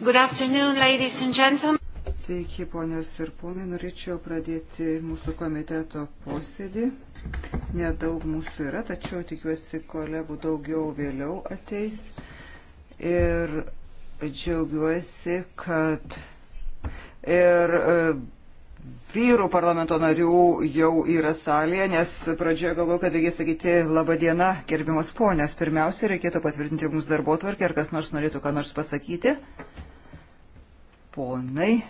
Good afternoon, ladies and gentlemen. Sveiki, ponios ir ponai. Norėčiau pradėti mūsų komiteto posėdį. Nedaug mūsų yra, tačiau tikiuosi kolegų daugiau vėliau ateis. Ir džiaugiuosi, kad ir e, vyrų parlamento narių jau yra salėje, nes pradžioje galvoju, kad reikia sakyti laba diena, gerbiamos ponės. Pirmiausia, reikėtų patvirtinti mums darbo tvarkę, ar kas nors norėtų ką nors pasakyti ponai.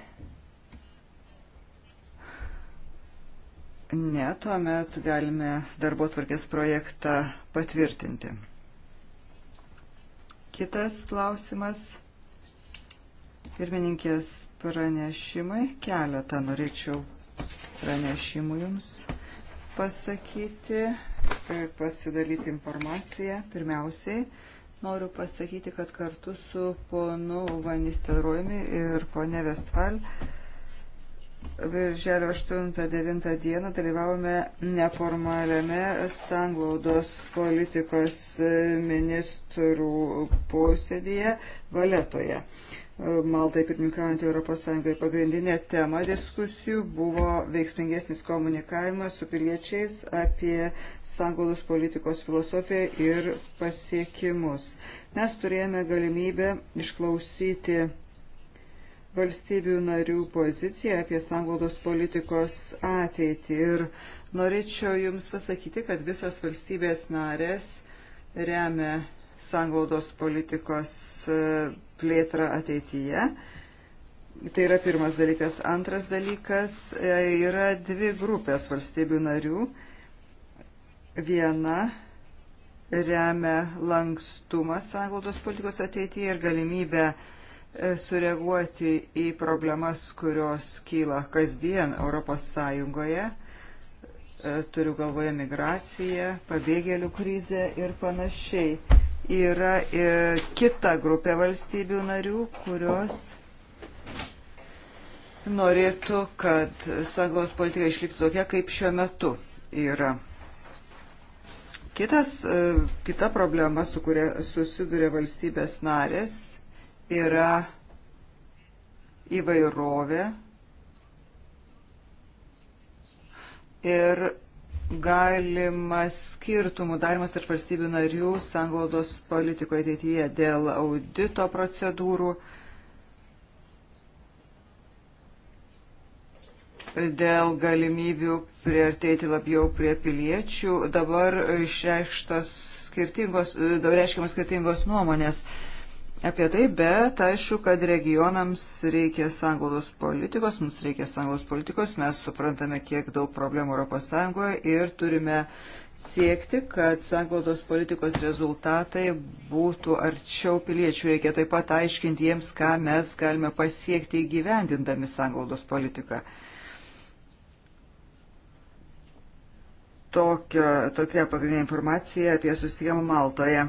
Ne, tuomet galime darbo tvarkės projektą patvirtinti. Kitas klausimas. Pirmininkės pranešimai. Keletą norėčiau pranešimų jums pasakyti, pasidalyti informaciją. Pirmiausiai, Noriu pasakyti, kad kartu su ponu Vanistelrojumi ir pone Vestfal Virželio 8-9 dieną dalyvavome neformaliame sanglaudos politikos ministrų posėdėje Valetoje. Maltai pirmininkaujant Europos Sąjungai pagrindinė tema diskusijų buvo veiksmingesnis komunikavimas su piliečiais apie sanglaudos politikos filosofiją ir pasiekimus. Mes turėjome galimybę išklausyti valstybių narių poziciją apie sanglaudos politikos ateitį ir norėčiau Jums pasakyti, kad visos valstybės narės remia sanglaudos politikos e, plėtrą ateityje. Tai yra pirmas dalykas. Antras dalykas e, yra dvi grupės valstybių narių. Viena remia lankstumą sąnglaudos politikos ateityje ir galimybę e, sureaguoti į problemas, kurios kyla kasdien Europos Sąjungoje. E, turiu galvoje migraciją, pabėgėlių krizę ir panašiai yra e, kita grupė valstybių narių, kurios norėtų, kad sąjungos politika išliktų tokia, kaip šiuo metu yra. Kitas, e, kita problema, su kuria susiduria valstybės narės, yra įvairovė ir galimas skirtumų darimas tarp valstybių narių sanglaudos politikoje ateityje dėl audito procedūrų, dėl galimybių priartėti labiau prie piliečių. Dabar išreikštos skirtingos, dabar reiškiamas skirtingos nuomonės. Uh, apie tai, bet aišku, kad regionams reikia sanglaudos politikos, mums reikia sanglaudos politikos, mes suprantame, kiek daug problemų ES ir turime siekti, kad sanglaudos politikos rezultatai būtų arčiau piliečių. Reikia taip pat aiškinti jiems, ką mes galime pasiekti įgyvendindami sanglaudos politiką. Tokio, tokia pagrindinė informacija apie susitikimą Maltoje.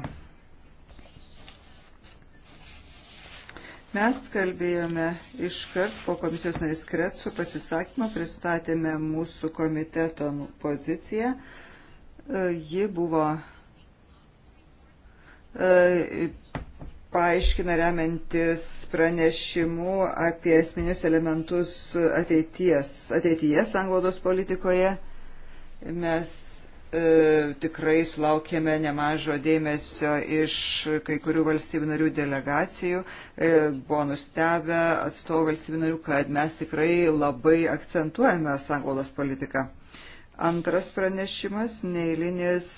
Mes kalbėjome iškart po komisijos narys Kretsų pasisakymo, pristatėme mūsų komiteto nu, poziciją. E, ji buvo e, paaiškina remiantis pranešimu apie esminius elementus ateities, ateities anglodos politikoje. Mes E, tikrai sulaukėme nemažo dėmesio iš kai kurių valstybių narių delegacijų. E, buvo nustebę atstovų valstybių narių, kad mes tikrai labai akcentuojame sanglaudos politiką. Antras pranešimas - neįlinis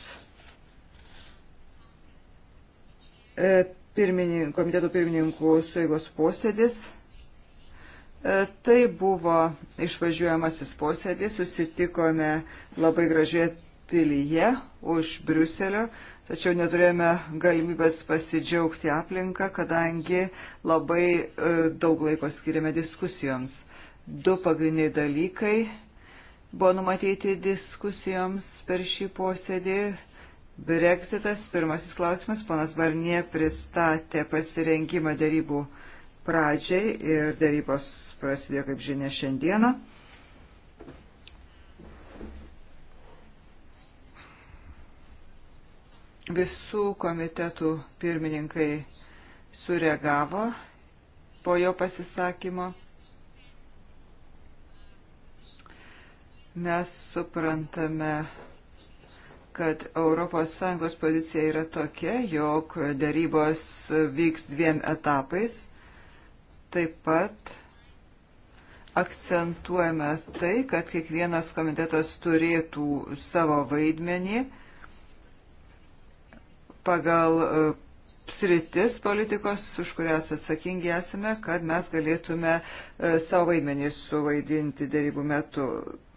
e, pirminin, komiteto pirmininkų suėgos posėdis. Tai buvo išvažiuojamasis posėdis, susitikome labai gražioje pilyje už Briuselio, tačiau neturėjome galimybės pasidžiaugti aplinką, kadangi labai e, daug laiko skiriame diskusijoms. Du pagrindiniai dalykai buvo numatyti diskusijoms per šį posėdį. Brexitas, pirmasis klausimas, ponas Barnie pristatė pasirengimą darybų pradžiai ir darybos prasidėjo, kaip žinia, šiandieną. Visų komitetų pirmininkai sureagavo po jo pasisakymo. Mes suprantame, kad ES pozicija yra tokia, jog darybos vyks dviem etapais. Taip pat akcentuojame tai, kad kiekvienas komitetas turėtų savo vaidmenį pagal e, sritis politikos, už kurias atsakingi esame, kad mes galėtume e, savo vaidmenį suvaidinti dėrybų metu.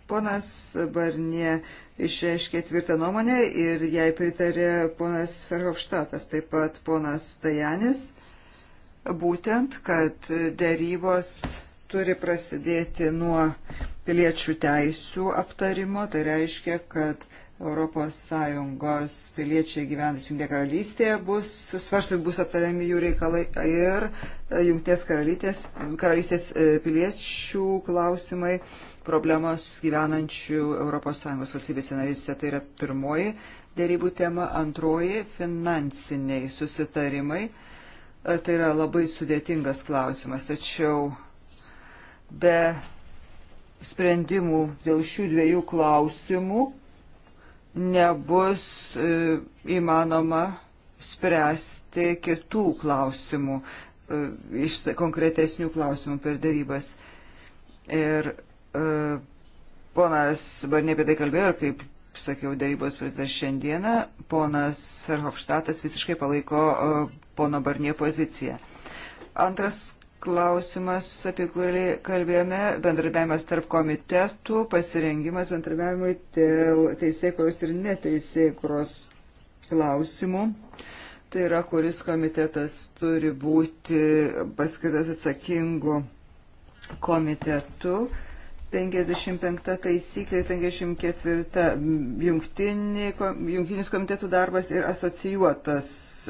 Ponas Barnie išreiškė tvirtą nuomonę ir jai pritarė ponas Ferhofštatas, taip pat ponas Tajanis, būtent, kad dėrybos turi prasidėti nuo piliečių teisų aptarimo, tai reiškia, kad ES piliečiai gyvenantys Junktinėje karalystėje bus svarstomi, bus aptariami jų reikalai ir e, Junktinės karalystės, karalystės e, piliečių klausimai, problemos gyvenančių ES valstybėse narėse. Tai yra pirmoji dėrybų tema, antroji finansiniai susitarimai. E, tai yra labai sudėtingas klausimas, tačiau be sprendimų dėl šių dviejų klausimų nebus e, įmanoma spręsti kitų klausimų, e, iš konkretesnių klausimų per darybas. Ir e, ponas Barnė apie tai kalbėjo, ir kaip sakiau, darybos prasidės šiandieną, ponas Ferhofštatas visiškai palaiko pono Barnė poziciją. Antras klausimas, apie kurį kalbėjome, bendradarbiavimas tarp komitetų, pasirengimas bendradarbiavimui dėl teisėkos ir neteisėkos klausimų. Tai yra, kuris komitetas turi būti paskirtas atsakingu komitetu. 55 taisyklė ir 54 jungtinė, jungtinis komitetų darbas ir asocijuotas,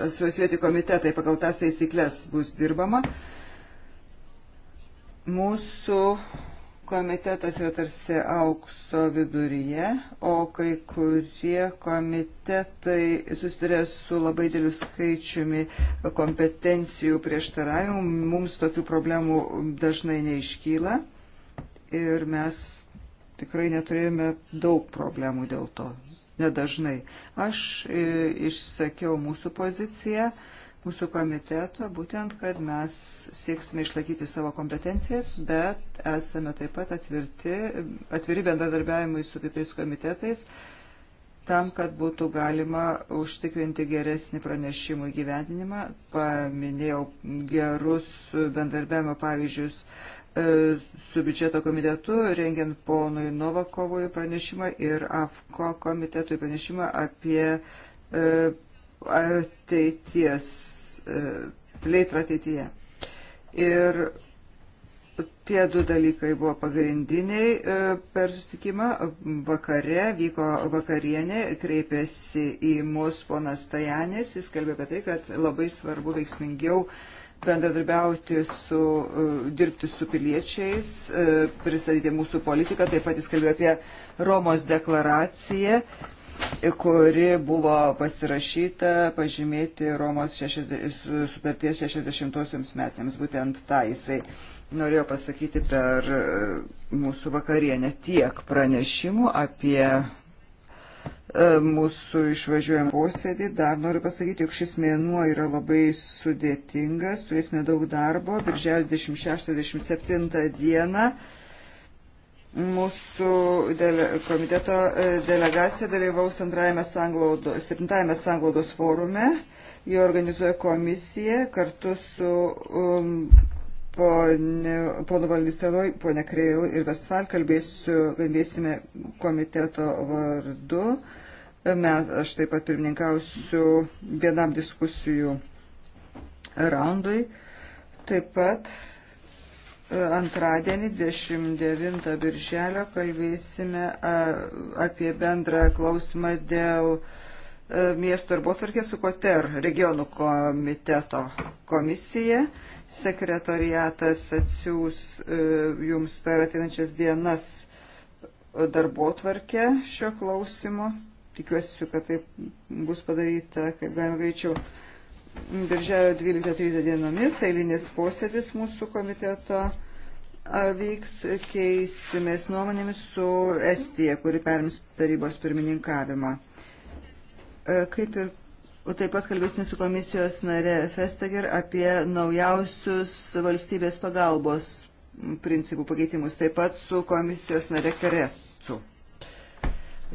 asocijuoti komitetai pagal tas taisyklės bus dirbama. Uh, Mūsų komitetas yra tarsi aukso viduryje, o kai kurie komitetai susiduria su labai dėliu skaičiumi kompetencijų prieštaravimų. Mums tokių problemų dažnai neiškyla ir mes tikrai neturėjome daug problemų dėl to. Nedažnai. Aš e, išsakiau mūsų poziciją. E, mūsų komiteto, būtent, kad mes sieksime išlaikyti savo kompetencijas, bet esame taip pat atvirti, atviri bendradarbiavimui su kitais komitetais, tam, kad būtų galima užtikrinti geresnį pranešimų gyvendinimą. Paminėjau gerus bendarbiavimo pavyzdžius e, su biudžeto komitetu, rengiant ponui Novakovui pranešimą ir AFKO komitetui pranešimą apie e, ateities E, plėtrą ateityje. Ir tie du dalykai buvo pagrindiniai e, per sustikimą. Vakare vyko vakarienė, kreipėsi į mus ponas Tajanis, jis kalbėjo apie tai, kad labai svarbu veiksmingiau bendradarbiauti su, e, dirbti su piliečiais, pristatyti mūsų politiką, taip pat jis kalbėjo apie Romos deklaraciją kuri buvo pasirašyta pažymėti Romos 60, sutarties 60-osiams metėms. Būtent tą jisai norėjo pasakyti per e, mūsų vakarienę tiek pranešimų apie e, mūsų išvažiuojam posėdį. Dar noriu pasakyti, jog šis mėnuo yra labai sudėtingas, turėsime daug darbo. Birželio 26-27 dieną Mūsų dele, komiteto e, delegacija dalyvaus antrajame sanglaudo, septintajame sanglaudos forume. Jį organizuoja komisija kartu su um, ponu Valnisteloj, ponė Kreil ir Vestfal, kalbėsime komiteto vardu. Mes, aš taip pat pirmininkausiu vienam diskusijų raundui. Taip pat Antradienį 29 birželio kalbėsime apie bendrą klausimą dėl e, miesto darbo tvarkės su Koter regionų komiteto komisija. Sekretariatas atsiūs e, jums per ateinančias dienas darbo tvarkę šio klausimo. Tikiuosi, kad tai bus padaryta kaip galima greičiau. Birželio 12-13 dienomis eilinis posėdis mūsų komiteto vyks keisimės nuomonėmis su Estija, kuri perims tarybos pirmininkavimą. E, kaip ir taip pat kalbėsime su komisijos nare Festager apie naujausius valstybės pagalbos principų pakeitimus, taip pat su komisijos nare Karecu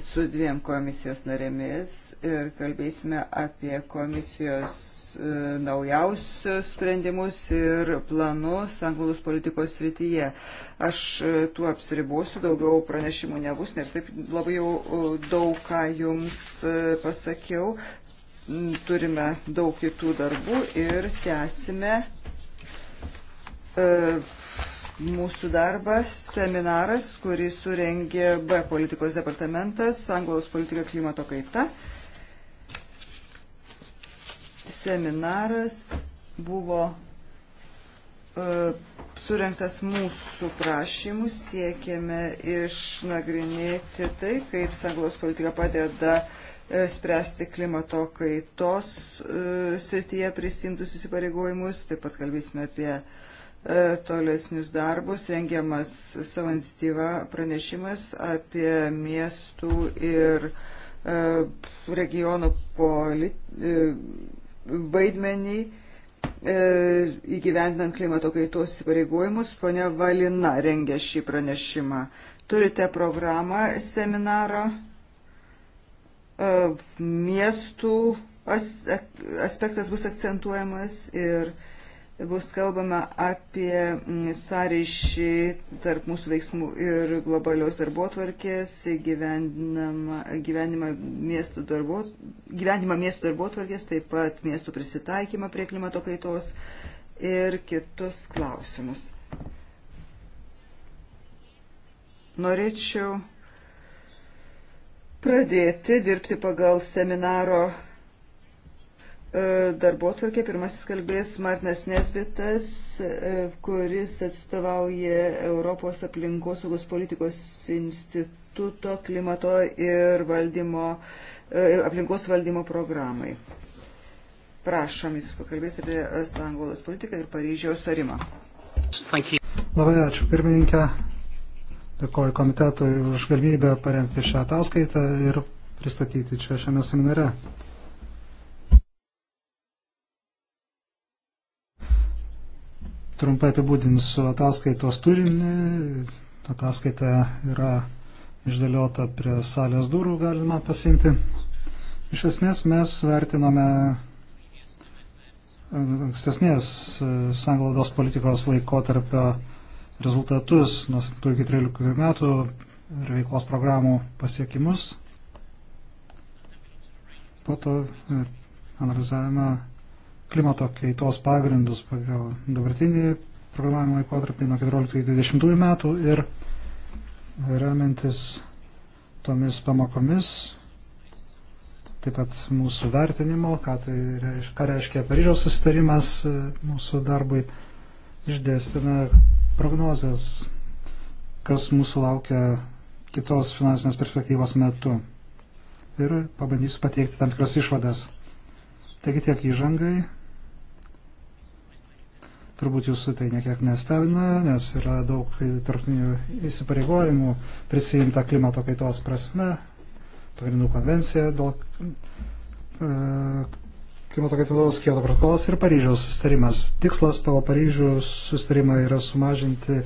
su dviem komisijos narėmis ir kalbėsime apie komisijos e, naujausius sprendimus ir planus anglos politikos srityje. Aš e, tuo apsiribosiu, daugiau pranešimų nebus, nes taip labai jau e, daug ką jums pasakiau. Mm, turime daug kitų darbų ir tęsime mūsų darbas, seminaras, kurį surengė B politikos departamentas, Anglos politika klimato kaita. Seminaras buvo uh, e, surinktas mūsų prašymų, siekėme išnagrinėti tai, kaip Anglos politika padeda uh, spręsti klimato kaitos e, srityje prisimtus įsipareigojimus, taip pat kalbėsime apie uh, E, tolesnius darbus, rengiamas savo iniciatyva pranešimas apie miestų ir e, regionų e, vaidmenį įgyvendinant klimato kaitos įsipareigojimus. Pone Valina rengia šį pranešimą. Turite programą seminaro miestų aspektas bus akcentuojamas ir uh, bus kalbama apie mm, sąryšį tarp mūsų veiksmų ir globalios darbotvarkės, gyvenimą miestų, darbo, gyvenimą miestų darbotvarkės, taip pat miestų prisitaikymą prie klimato kaitos ir kitus klausimus. Norėčiau pradėti dirbti pagal seminaro E, darbotvarkė. Pirmasis kalbės Martinas Nesbitas, e, kuris atstovauja Europos aplinkosaugos politikos instituto klimato ir valdymo, e, aplinkos valdymo programai. Prašom, jis pakalbės apie Sangolos politiką ir Paryžiaus tarimą. Labai ačiū pirmininkė. Dėkoju komitetui už galimybę parengti šią ataskaitą ir pristatyti čia šiame seminare. trumpai apibūdinsiu ataskaitos turinį. Ataskaita yra išdėliota prie salės durų, galima pasimti. Iš esmės mes vertinome ankstesnės e, sanglaudos politikos laikotarpio rezultatus nuo 7 iki 13 metų ir veiklos programų pasiekimus. Po to e, analizavome klimato kaitos pagrindus pagal dabartinį programavimo laikotarpį nuo 14-20 metų ir remiantis tomis pamokomis, taip pat mūsų vertinimo, ką, tai reiškia, ką reiškia Paryžiaus susitarimas e, mūsų darbui, išdėstėme prognozes, kas mūsų laukia kitos finansinės perspektyvos metu. Ir pabandysiu pateikti tam tikras išvadas. Taigi tiek įžangai. Turbūt jūsų tai nekiek nestebina, nes yra daug tarptautinių įsipareigojimų prisijimta klimato kaitos prasme, pagrindų konvencija dėl e, klimato kaitos kieto protokolas ir Paryžiaus sustarimas. Tikslas pagal Paryžiaus sustarimą yra sumažinti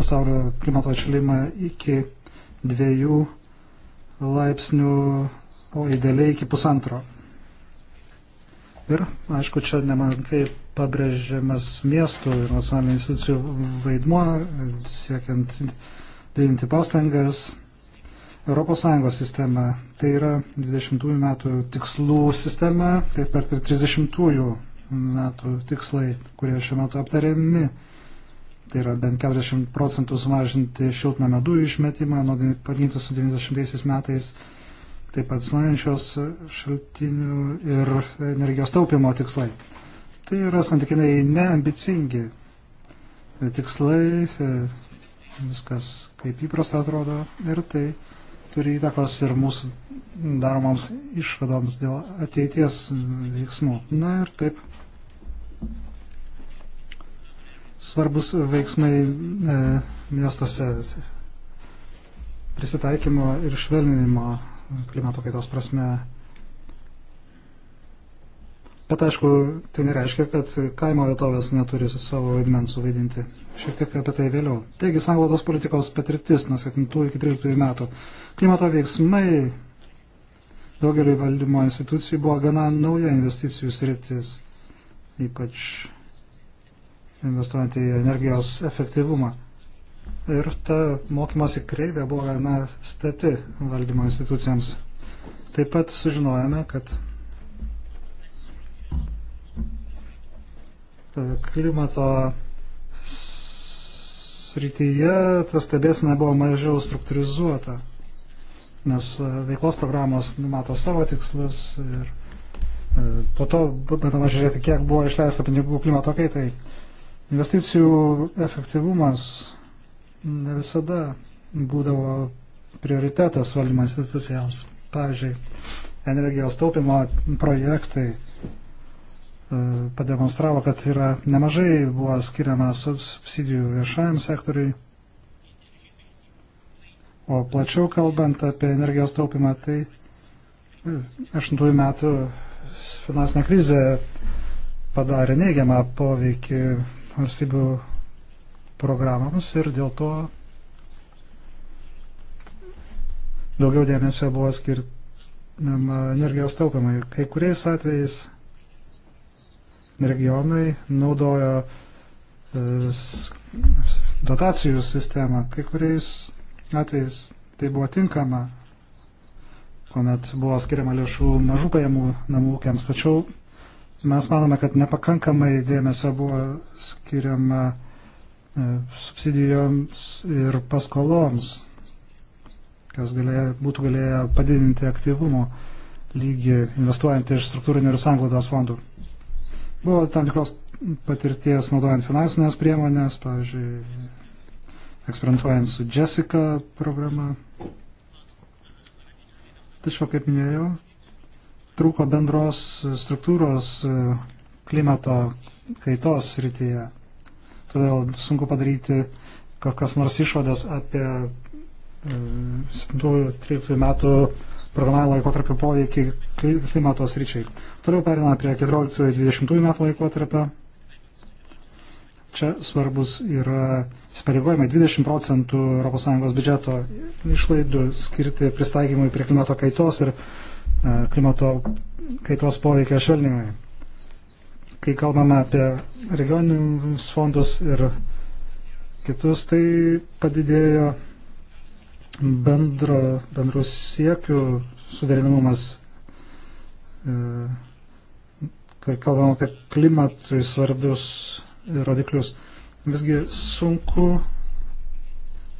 pasaulio klimato atšilimą iki dviejų laipsnių, o idealiai iki pusantro. Ir, aišku, čia nemankai pabrėžiamas miestų ir nacionalinių institucijų vaidmuo, siekiant didinti pastangas. ES sistema tai yra 20 metų tikslų sistema, taip pat ir 30 metų tikslai, kurie šiuo metu aptariami. Tai yra bent 40 procentų sumažinti šiltnamio dujų išmetimą nuo 1990 metais taip pat snaujančios šaltinių ir energijos taupimo tikslai. Tai yra santykinai neambicingi tikslai, e, viskas kaip įprasta atrodo ir tai turi įtakos ir mūsų daromoms išvadoms dėl ateities veiksmų. Na ir taip. Svarbus veiksmai e, miestuose prisitaikymo ir švelninimo klimato kaitos prasme Bet aišku, tai nereiškia, kad kaimo vietovės neturi su savo vaidmens suvaidinti. Šiek tiek apie tai vėliau. Taigi, sanglaudos politikos patirtis nuo 7 iki 13 metų. Klimato veiksmai daugeliu valdymo institucijų buvo gana nauja investicijų sritis, ypač investuojant į energijos efektyvumą. Ir ta mokymosi kreivė buvo gana stati valdymo institucijams. Taip pat sužinojame, kad klimato srityje ta stebėsena buvo mažiau struktūrizuota, nes e, veiklos programos numato savo tikslus ir e, po to bandoma žiūrėti, kiek buvo išleista pinigų klimato kaitai. Investicijų efektyvumas ne visada būdavo prioritetas valdymo institucijams. Pavyzdžiui, energijos taupimo projektai pademonstravo, kad yra nemažai buvo skiriama subsidijų viešajam sektoriui. O plačiau kalbant apie energijos taupimą, tai 8 e, metų finansinė krizė padarė neigiamą poveikį valstybių programams ir dėl to daugiau dėmesio buvo skirta energijos taupimai. Kai kuriais atvejais regionai naudojo e, dotacijų sistemą. Kai kuriais atvejais tai buvo tinkama, kuomet buvo skiriama lėšų mažų pajamų namų ūkiams. Tačiau mes manome, kad nepakankamai dėmesio buvo skiriama e, subsidijoms ir paskoloms, kas galėjo, būtų galėję padidinti aktyvumo lygį investuojant iš struktūrinių ir sanglaudos fondų. Buvo tam tikros patirties naudojant finansinės priemonės, pavyzdžiui, eksperimentuojant su Jessica programa. Tačiau, kaip minėjau, trūko bendros struktūros e, klimato kaitos srityje. Todėl sunku padaryti kokias nors išvadas apie 7-13 e, metų programavimo laikotarpio poveikį klimato sričiai. Toliau periname prie 14-20 metų laikotarpio. Čia svarbus yra įsipareigojimai 20 procentų ES biudžeto išlaidų skirti pristaigymui prie klimato kaitos ir e, klimato kaitos poveikio švelnimui. Kai kalbame apie regioninius fondus ir kitus, tai padidėjo bendro, bendrų siekių suderinamumas e, kai kalbam apie klimatui svarbius rodiklius. Visgi sunku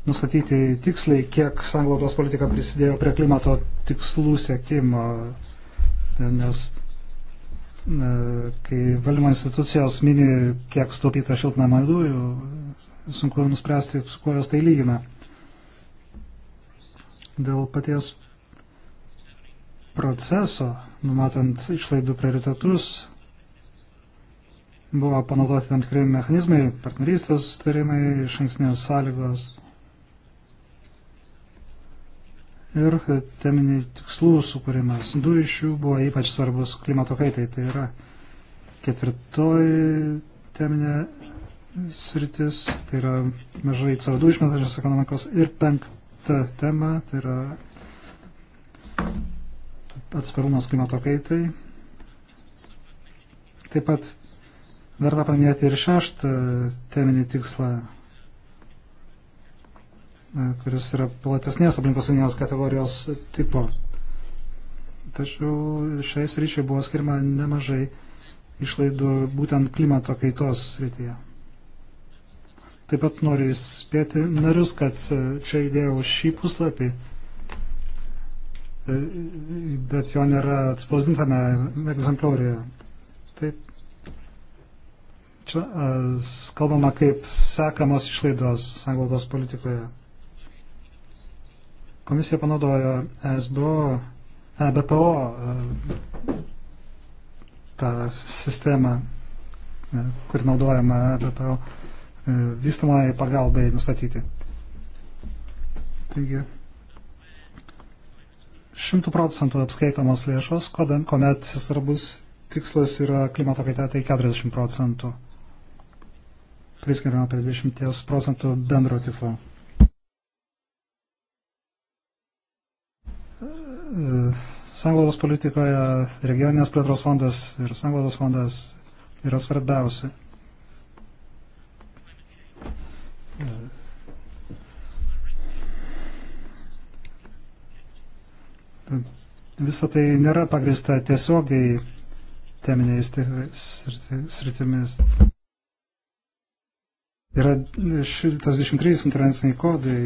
nustatyti tiksliai, kiek sanglaudos politika prisidėjo prie klimato tikslų sėkimo, nes kai valdymo institucijos mini, kiek staupyta šiltnamą dujų, sunku nuspręsti, su kuo jos tai lygina. Dėl paties proceso, numatant išlaidų prioritetus, Buvo panaudoti tam tikri mechanizmai, partnerystės sustarimai, išankstinės sąlygos ir teminiai tikslų sukūrimas. Du iš jų buvo ypač svarbus klimato kaitai. Tai yra ketvirtoji teminė sritis, tai yra mažai CO2 išmetančios ekonomikos ir penkta tema, tai yra atsparumas klimato kaitai. Taip pat Verta paminėti ir šeštą teminį tikslą, e, kuris yra platesnės aplinkosauginės kategorijos tipo. Tačiau šiai sryčiai buvo skirma nemažai išlaidų būtent klimato kaitos srityje. Taip pat noriu įspėti narius, kad e, čia įdėjau šį puslapį, e, bet jo nėra atspausdintame egzemplioriuje. Taip čia e, kalbama, kaip sekamos išlaidos sanglaudos politikoje. Komisija panaudojo SBO, e, BPO e, tą sistemą, kuri naudojama BPO vystamai pagalbai nustatyti. Taigi, šimtų procentų apskaitamos lėšos, kuomet svarbus tikslas yra klimato kaita, tai 40 procentų priskiriama prie 20 procentų bendro tikslo. Sanglaudos politikoje regioninės plėtros fondas ir sanglaudos fondas yra svarbiausi. Visą tai nėra pagrįsta tiesiogiai teminiais sritimis. Srit Yra 123 intervenciniai kodai,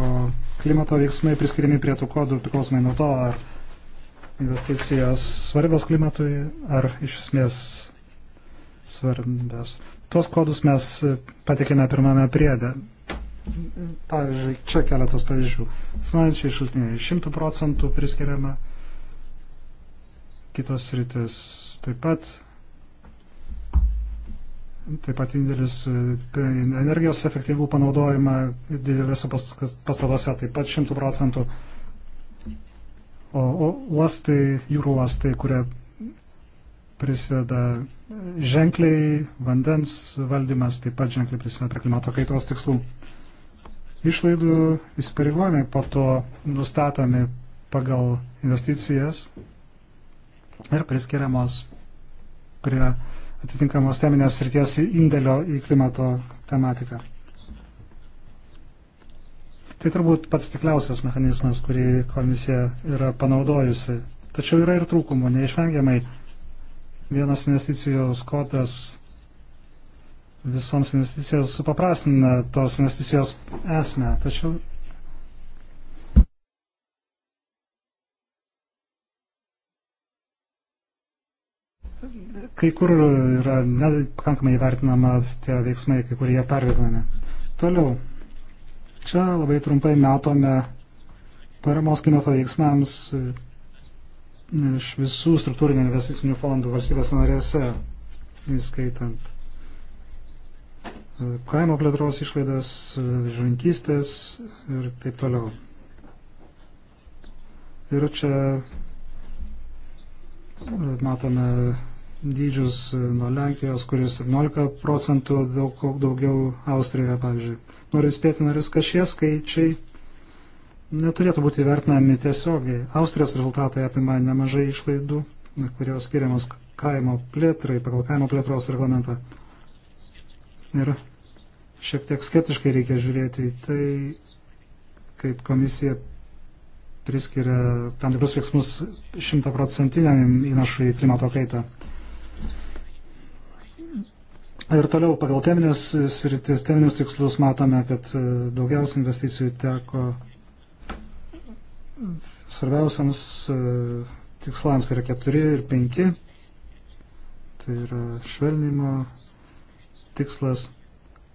o klimato veiksmai priskiriami prie tų kodų priklausomai nuo to, ar investicijos svarbios klimatui, ar iš esmės svarbios. Tuos kodus mes patikėme pirmame priedė. Pavyzdžiui, čia keletas pavyzdžių. Snaičiai šaltiniai 100 procentų priskiriama, kitos rytis taip pat taip pat indėlis e, energijos efektyvų panaudojimą dideliuose pastatuose taip pat 100 procentų. O, o uostai, jūrų uostai, kurie prisideda ženkliai, vandens valdymas taip pat ženkliai prisideda prie klimato kaitos tikslų. Išlaidų įsipareigojimai po to nustatomi pagal investicijas ir priskiriamos prie uh, atitinkamos teminės srities indėlio į klimato tematiką. Tai turbūt pats tikliausias mechanizmas, kurį komisija yra panaudojusi. Tačiau yra ir trūkumų, neišvengiamai. Vienas investicijos kodas visoms investicijos supaprastina tos investicijos esmę, tačiau Kai kur yra nepakankamai įvertinamas tie veiksmai, kai kurie pervertinami. Toliau. Čia labai trumpai metome paramos klimato veiksmams iš visų struktūrinių investicinių fondų valstybės narėse, įskaitant e, kaimo plėtros išlaidas, e, žunkystės ir taip toliau. Ir čia e, matome dydžius nuo Lenkijos, kuris 17 procentų daug, daugiau Austrijoje, pavyzdžiui. Noriu spėti narius, kad šie skaičiai neturėtų būti vertinami tiesiogiai. Austrijos rezultatai apima nemažai išlaidų, kurios skiriamos kaimo plėtrai pagal kaimo plėtros reglamentą. Ir šiek tiek skeptiškai reikia žiūrėti į tai, kaip komisija priskiria tam tikrus veiksmus šimtaprocentiniam įnašui į klimato kaitą. Ir toliau pagal teminės sritis, teminius tikslus matome, kad e, daugiausia investicijų teko svarbiausiams e, tikslams, tai yra 4 ir 5, tai yra švelnimo tikslas.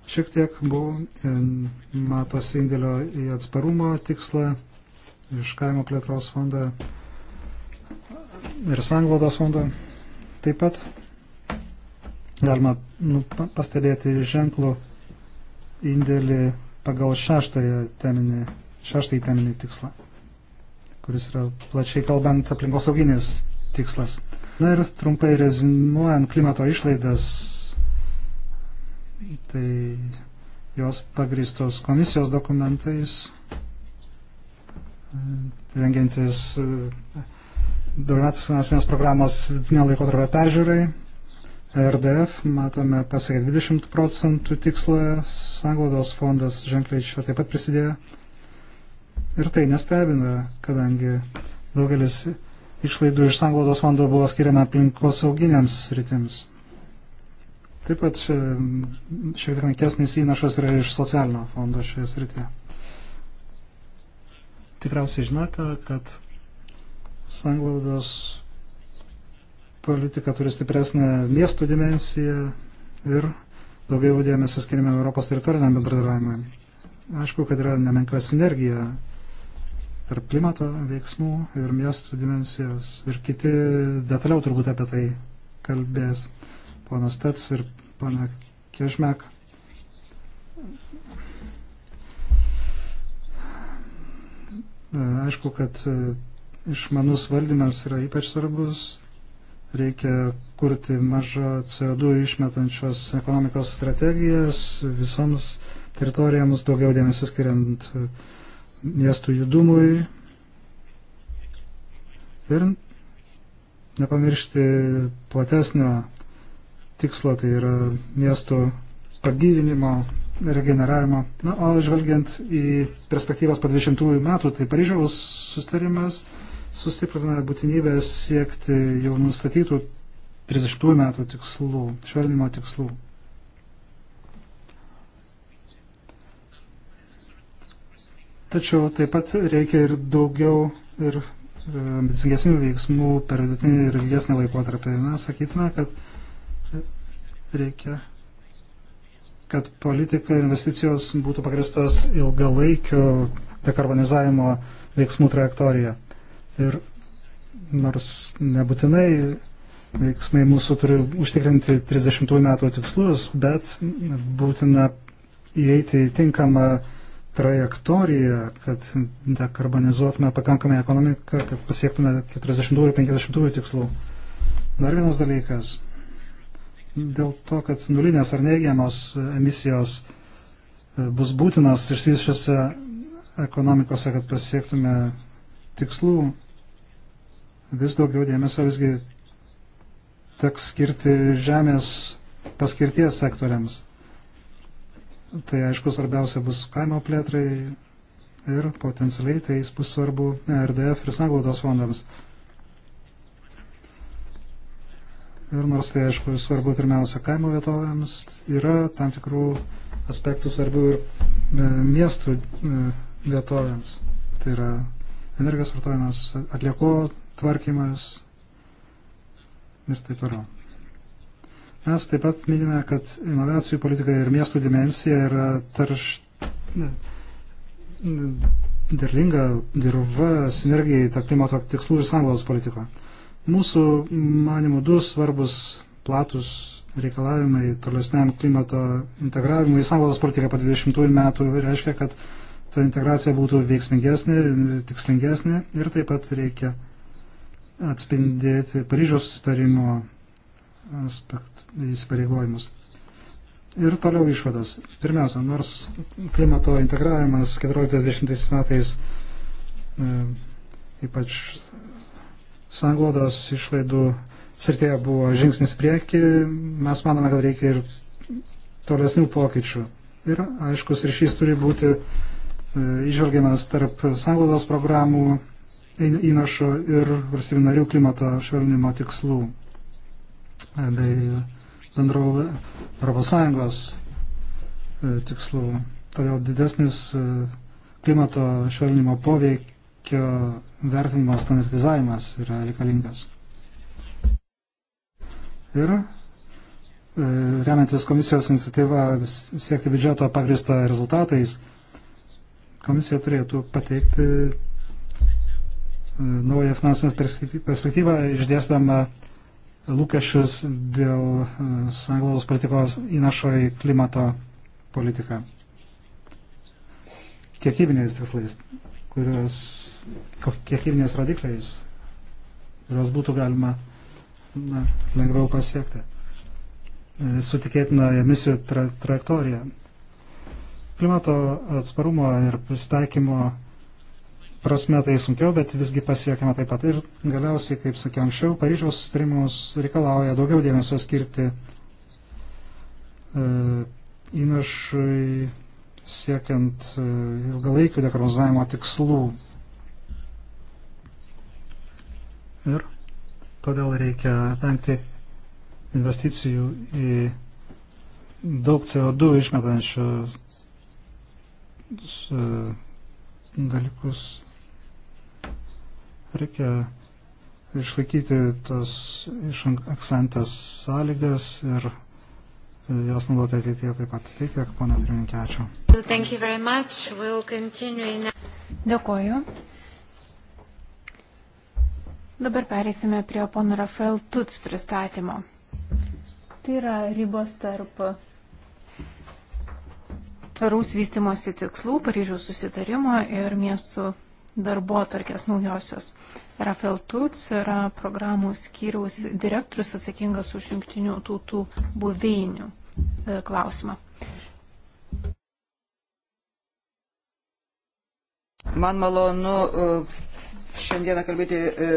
Šiek tiek buvo, e, matosi indėlio į atsparumo tikslą iš kaimo plėtros fondą ir sanglodos fondą. Taip pat galima nu, pastebėti ženklų indėlį pagal šeštąjį teminį, šeštąjį teminį tikslą, kuris yra plačiai kalbant aplinkosauginis tikslas. Na ir trumpai rezinuojant klimato išlaidas, tai jos pagristos komisijos dokumentais, rengiantis e, daugiametės finansinės programos vidutinio laikotarpio peržiūrai RDF matome pasakė 20 procentų tikslą, sanglaudos fondas ženkliai čia taip pat prisidėjo. Ir tai nestebina, kadangi daugelis išlaidų iš sanglaudos fondo buvo skiriama aplinkos auginiams sritims. Taip pat e, šiek tiek menkesnis įnašas yra iš socialinio fondo šioje srityje. Tikriausiai žinote, kad sanglaudos politika turi stipresnę miestų dimensiją ir daugiau dėmesio skiriame Europos teritoriniam bendradarbiavimui. Aišku, kad yra nemenka sinergija tarp klimato veiksmų ir miestų dimensijos. Ir kiti detaliau turbūt apie tai kalbės ponas Tats ir pana Kešmek. Aišku, kad išmanus valdymas yra ypač svarbus reikia kurti mažą CO2 išmetančios ekonomikos strategijas visoms teritorijoms, daugiau dėmesio skiriant e, miestų judumui. Ir nepamiršti platesnio tikslo, tai yra miestų pagyvinimo, regeneravimo. Na, o žvelgiant į perspektyvas po 20 metų, tai Paryžiaus sustarimas sustipriname būtinybę siekti jau nustatytų 30 metų tikslų, švelnimo tikslų. Tačiau taip pat reikia ir daugiau ir ambicingesnių veiksmų per vidutinį ir ilgesnį laikotarpį. Na, sakytume, kad reikia, kad politika ir investicijos būtų pagristos ilgalaikio dekarbonizavimo veiksmų trajektorija. Ir nors nebūtinai veiksmai mūsų turi užtikrinti 30 metų tikslus, bet būtina įeiti į tinkamą trajektoriją, kad dekarbonizuotume pakankamai ekonomiką, kad pasiektume 40 ir 50 tikslų. Dar vienas dalykas. Dėl to, kad nulinės ar neigiamos emisijos e, bus būtinas išsivyščiose ekonomikose, kad pasiektume tikslų, vis daugiau dėmesio visgi teks skirti žemės paskirties sektoriams. Tai aišku, svarbiausia bus kaimo plėtrai ir potencialiai tai jis bus svarbu RDF ir sanglaudos fondams. Ir nors tai aišku svarbu pirmiausia kaimo vietovėms, yra tam tikrų aspektų svarbių ir e, miestų e, vietovėms. Tai yra energijos vartojimas, atlieko tvarkymas ir taip toliau. Mes taip pat minime, kad inovacijų politika ir miestų dimensija yra tarš derlinga dirba sinergijai tarp klimato tikslų ir sanglaus politiko. Mūsų manimų du svarbus platus reikalavimai tolesniam klimato integravimui į sanglaus politiką po 20 metų reiškia, kad ta integracija būtų veiksmingesnė, tikslingesnė ir taip pat reikia atspindėti Paryžiaus sustarimo įsipareigojimus. Ir toliau išvados. Pirmiausia, nors klimato integravimas 14-10 metais e, ypač sanglodos išlaidų srityje buvo žingsnis prieki, mes manome, kad reikia ir tolesnių pokyčių. Ir aiškus ryšys turi būti e, išvelgiamas tarp sanglodos programų įnašo ir valstybių narių klimato švelnimo tikslų e, bei bendrovų ES e, tikslų. Todėl didesnis e, klimato švelnimo poveikio vertinimo standartizavimas yra reikalingas. Ir remiantis komisijos iniciatyva siekti biudžeto pagrįsta rezultatais, komisija turėtų pateikti naują finansinę perspektyvą, išdėstama lūkesčius dėl e, sąjungos politikos įnašo į klimato politiką. Kiekybiniais tikslais, kurios, kiekybiniais radikliais, kurios būtų galima na, lengviau pasiekti. E, Sutikėtina emisijų tra trajektorija. Klimato atsparumo ir pristaikymo prasme tai sunkiau, bet visgi pasiekime taip pat. Ir galiausiai, kaip sakiau anksčiau, Paryžiaus sustarimus reikalauja daugiau dėmesio skirti e, įnašui siekiant e, ilgalaikių dekarbonizavimo tikslų. Ir todėl reikia vengti investicijų į daug CO2 išmetančių e, dalykus Reikia išlaikyti tos iš akcentas sąlygas ir e, jas naudoti ateityje taip pat. Tai tiek, ponia pirmininkė, ačiū. We'll Dėkoju. Dabar pereisime prie pono Rafael Tuts pristatymo. Tai yra ribos tarp tvaraus vystimosi tikslų, Paryžiaus susitarimo ir miestų darbo tarkės naujosios. Rafael Tuts yra programų skyriaus direktorius atsakingas už jungtinių tautų buveinių e, klausimą. Man malonu e, šiandieną kalbėti e,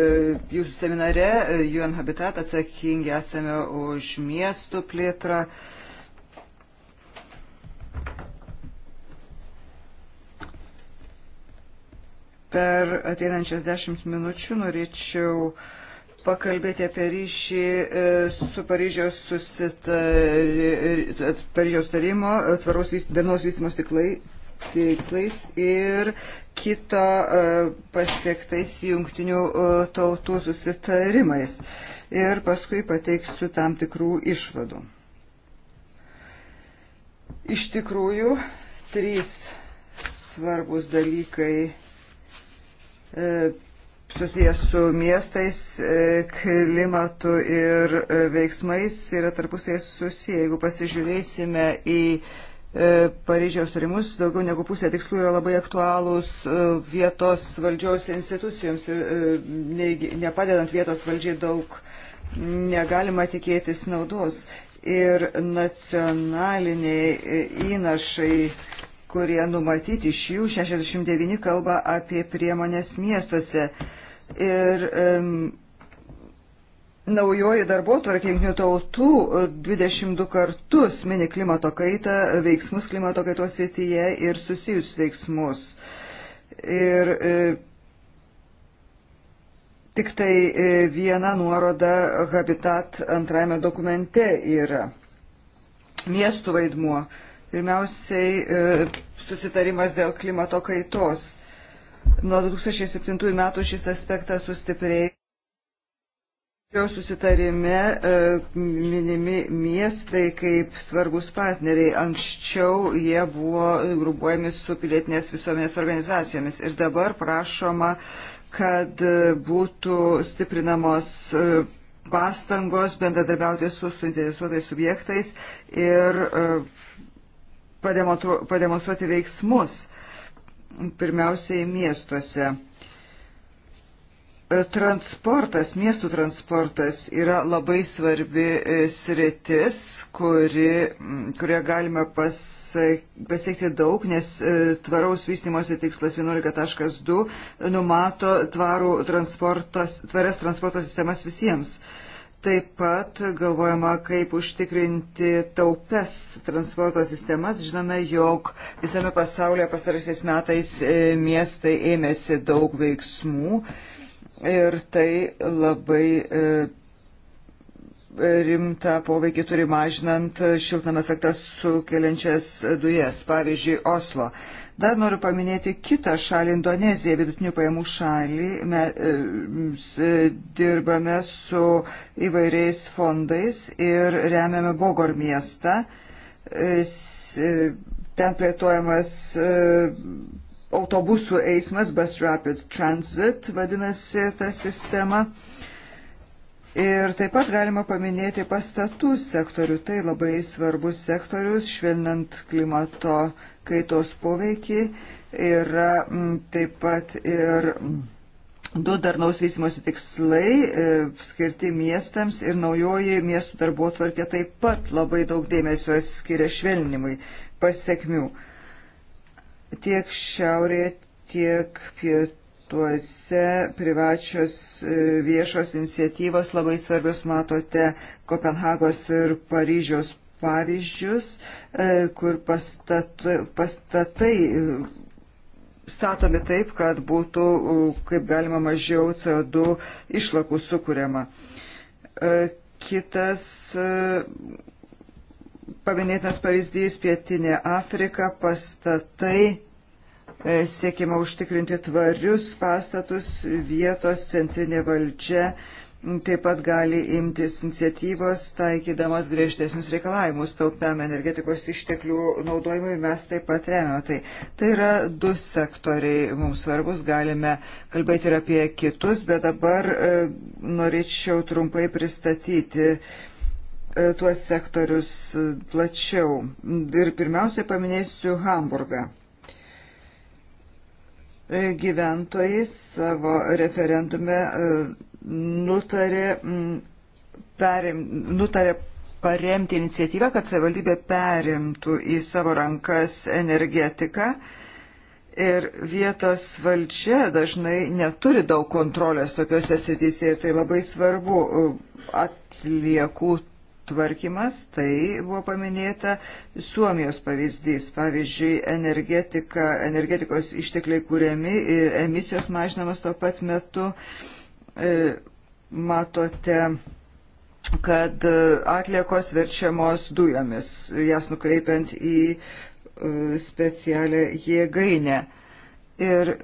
jūsų seminare, UN Habitat atsakingi esame už miestų plėtrą. Per ateinančias dešimt minučių norėčiau pakalbėti apie ryšį e, su Paryžiaus susitari, e, Paryžiaus tarimo, e, tvaraus dienos vystymos tiklai, tikslais ir kito pasiektais jungtinių tautų susitarimais. Ir paskui pateiksiu tam tikrų išvadų. Iš tikrųjų, trys svarbus dalykai E, susijęs su miestais, e, klimatu ir e, veiksmais yra tarpusiai susiję. Jeigu pasižiūrėsime į Paryžiaus rimus, daugiau negu pusė tikslų yra labai aktualūs vietos valdžios institucijoms ir nepadedant vietos valdžiai daug negalima tikėtis naudos. Ir nacionaliniai įnašai kurie numatyti, iš jų 69 kalba apie priemonės miestuose. Ir um, naujoji darbo tvarkė jungtinių tautų 22 e, kartus mini klimato kaitą, veiksmus klimato kaitos srityje ir susijus veiksmus. Ir, um, e, Tik tai e, viena nuoroda Habitat antrajame dokumente yra miestų vaidmuo. Uh, Pirmiausiai e, susitarimas dėl klimato kaitos. Nuo 2007 metų šis aspektas sustiprėjo. Jo susitarime e, minimi miestai kaip svarbus partneriai. Anksčiau jie buvo grubuojami su pilietinės visuomenės organizacijomis ir dabar prašoma, kad e, būtų stiprinamos pastangos bendradarbiauti su suinteresuotais subjektais ir pademonstruoti veiksmus, pirmiausiai miestuose. E, transportas, miestų transportas yra labai svarbi e, sritis, kuri, kurie galime pasiekti daug, nes e, tvaraus vystimosi tikslas 11.2 numato tvarias transporto sistemas visiems. Taip pat galvojama, kaip užtikrinti taupes transporto sistemas. Žinome, jog visame pasaulyje pastarasiais metais e, miestai ėmėsi daug veiksmų ir tai labai e, rimtą poveikį turi mažinant šiltnam efektą sukeliančias dujas, pavyzdžiui, Oslo. Dar noriu paminėti kitą šalį, Indoneziją, vidutinių pajamų šalį. Mes e, e, dirbame su įvairiais fondais ir remiame Bogor miestą. E, ten plėtojamas autobusų eismas, Bus Rapid Transit vadinasi ta sistema. Ir taip pat galima paminėti pastatų sektorių. Tai labai svarbus sektorius, švelnant klimato kaitos poveikį. Yra mm, taip pat ir mm, du darnaus vystimosi tikslai e, skirti miestams ir naujoji miestų darbo tvarkė taip pat labai daug dėmesio skiria švelnimui pasiekmių. Tiek šiaurėje, tiek pietų pietuose privačios e, viešos iniciatyvos labai svarbios, matote Kopenhagos ir Paryžiaus pavyzdžius, e, kur pastat, pastatai e, statomi taip, kad būtų kaip galima mažiau CO2 išlakų sukūriama. Kitas paminėtinas pavyzdys - pietinė Afrika, pastatai E, siekiama užtikrinti tvarius pastatus, vietos centrinė valdžia taip pat gali imtis iniciatyvos taikydamas griežtesnius reikalavimus taupiam energetikos išteklių naudojimui ir mes taip pat remiame. Tai, tai yra du sektoriai mums svarbus, galime kalbėti ir apie kitus, bet dabar e, norėčiau trumpai pristatyti e, tuos sektorius e, plačiau. Ir pirmiausia paminėsiu Hamburgą gyventojai savo referendume e, nutarė, perim, nutarė paremti iniciatyvą, kad savivaldybė perimtų į savo rankas energetiką. Ir vietos valdžia dažnai neturi daug kontrolės tokiuose srityse ir tai labai svarbu e, atliekų pertvarkymas, tai buvo paminėta Suomijos pavyzdys. Pavyzdžiui, energetika, energetikos ištekliai kūriami ir emisijos mažinamas tuo pat metu. E, matote, kad atliekos verčiamos dujomis, jas nukreipiant į e, specialią jėgainę. Ir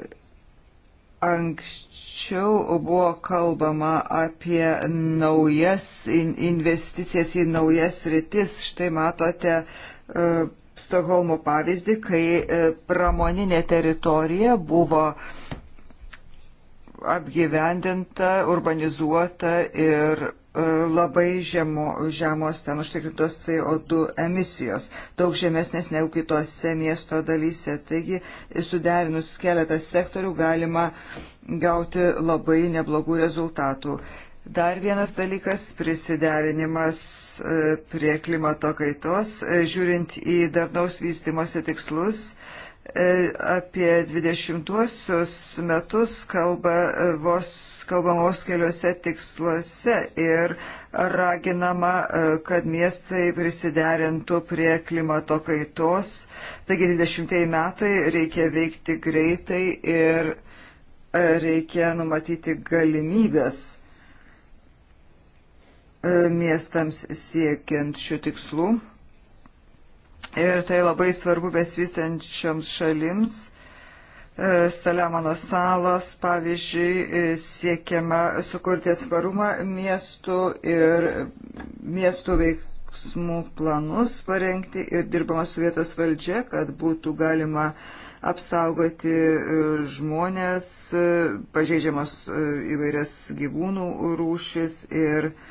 anksčiau Anksčiau buvo kalbama apie naujas investicijas į naujas rytis. Štai matote e, Stokholmo pavyzdį, kai e, pramoninė teritorija buvo apgyvendinta, urbanizuota ir labai žemo, žemos ten užtikrintos CO2 emisijos, daug žemesnės negu kitose miesto dalyse. Taigi, suderinus keletą sektorių galima gauti labai neblogų rezultatų. Dar vienas dalykas - prisiderinimas e, prie klimato kaitos, e, žiūrint į darnaus vystimosi tikslus E, apie 20-uosius metus kalba e, vos, kalbam vos keliuose tiksluose ir raginama, e, kad miestai prisiderintų prie klimato kaitos. Taigi 20-ieji metai reikia veikti greitai ir reikia numatyti galimybės miestams siekiant šių tikslų. Ir tai labai svarbu besivystančioms šalims. E, Saliamono salos, pavyzdžiui, e, siekiama sukurti svarumą miestų ir miestų veiksmų planus parengti ir dirbama su vietos valdžia, kad būtų galima apsaugoti e, žmonės, pažeidžiamas įvairias gyvūnų rūšis ir uh,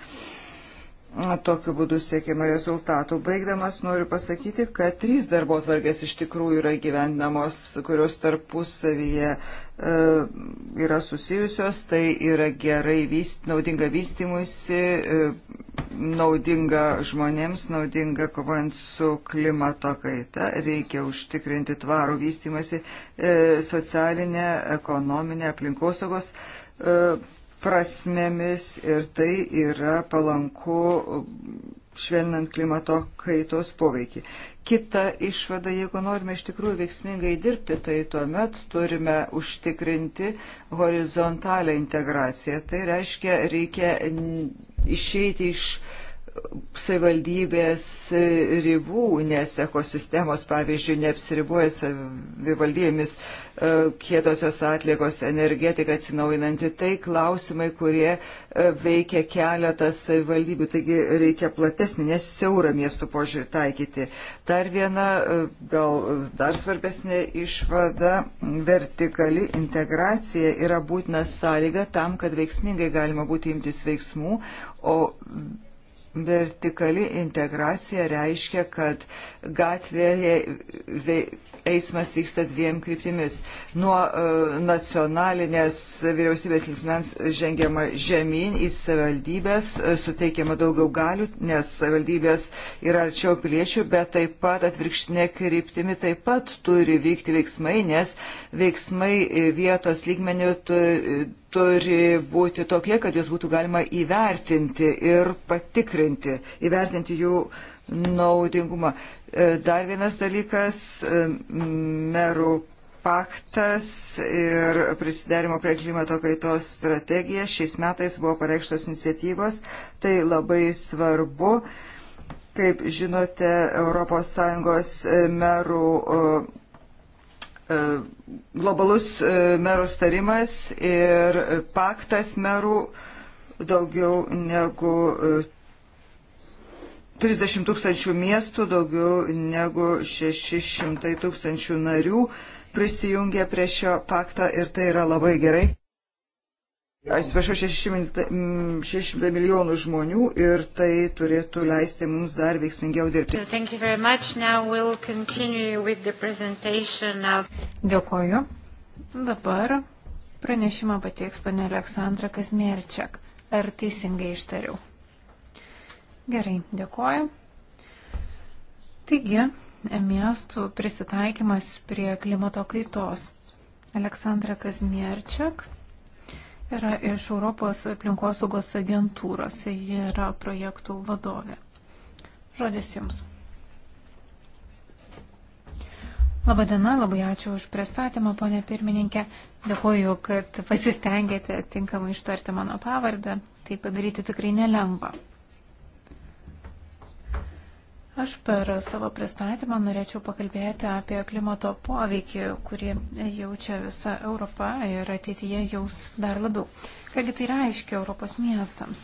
Tokiu būdu siekiama rezultatų. Baigdamas noriu pasakyti, kad trys darbo tvarkės iš tikrųjų yra gyvendamos, kurios tarpusavyje e, yra susijusios. Tai yra gerai vyst, naudinga vystimusi, e, naudinga žmonėms, naudinga kovant su klimato kaita. Reikia užtikrinti tvarų vystimasi e, socialinę, ekonominę, aplinkosaugos. E, prasmėmis ir tai yra palanku švelninant klimato kaitos poveikį. Kita išvada, jeigu norime iš tikrųjų veiksmingai dirbti, tai tuomet turime užtikrinti horizontalią integraciją. Tai reiškia, reikia išeiti iš savivaldybės ribų, nes ekosistemos, pavyzdžiui, neapsiriboja savivaldybėmis e, kietosios atliekos energetika atsinaujinanti. Tai klausimai, kurie e, veikia keletą savivaldybių, taigi reikia platesnį, nes siaurą miestų požiūrį taikyti. Dar viena, e, gal dar svarbesnė išvada - vertikali integracija yra būtina sąlyga tam, kad veiksmingai galima būti imtis veiksmų, o Vertikali integracija reiškia, kad gatvėje eismas vyksta dviem kryptimis. Nuo e, nacionalinės vyriausybės linksmens žengiama žemyn į savivaldybės, e, suteikiama daugiau galių, nes savivaldybės yra arčiau piliečių, bet taip pat atvirkštinė kryptimi taip pat turi vykti veiksmai, nes veiksmai e, vietos lygmenių turi turi būti tokie, kad juos būtų galima įvertinti ir patikrinti, įvertinti jų naudingumą. E, dar vienas dalykas e, - merų paktas ir prisiderimo prie klimato kaitos strategija. Šiais metais buvo pareikštos iniciatyvos. Tai labai svarbu. Kaip žinote, ES e, merų globalus merų starimas ir paktas merų daugiau negu 30 tūkstančių miestų, daugiau negu 600 tūkstančių narių prisijungė prie šio pakto ir tai yra labai gerai. Atsiprašau, 600, 600 mm, milijonų žmonių ir tai turėtų leisti mums dar veiksmingiau dirbti. We'll of... Dėkoju. Dabar pranešimą pateiks panė Aleksandra Kasmierčiak. Ar teisingai ištariau? Gerai, dėkoju. Taigi, miestų prisitaikymas prie klimato kaitos. Aleksandra Kazmierčiak yra iš Europos aplinkosaugos agentūros, ji yra projektų vadovė. Žodis Jums. Labadiena, labai ačiū už pristatymą, ponė pirmininkė. Dėkuoju, kad pasistengėte tinkamai ištarti mano pavardę. Tai padaryti tikrai nelengva. Aš per savo pristatymą norėčiau pakalbėti apie klimato poveikį, kurį jaučia visa Europa ir ateityje jaus dar labiau. Kągi tai reiškia Europos miestams?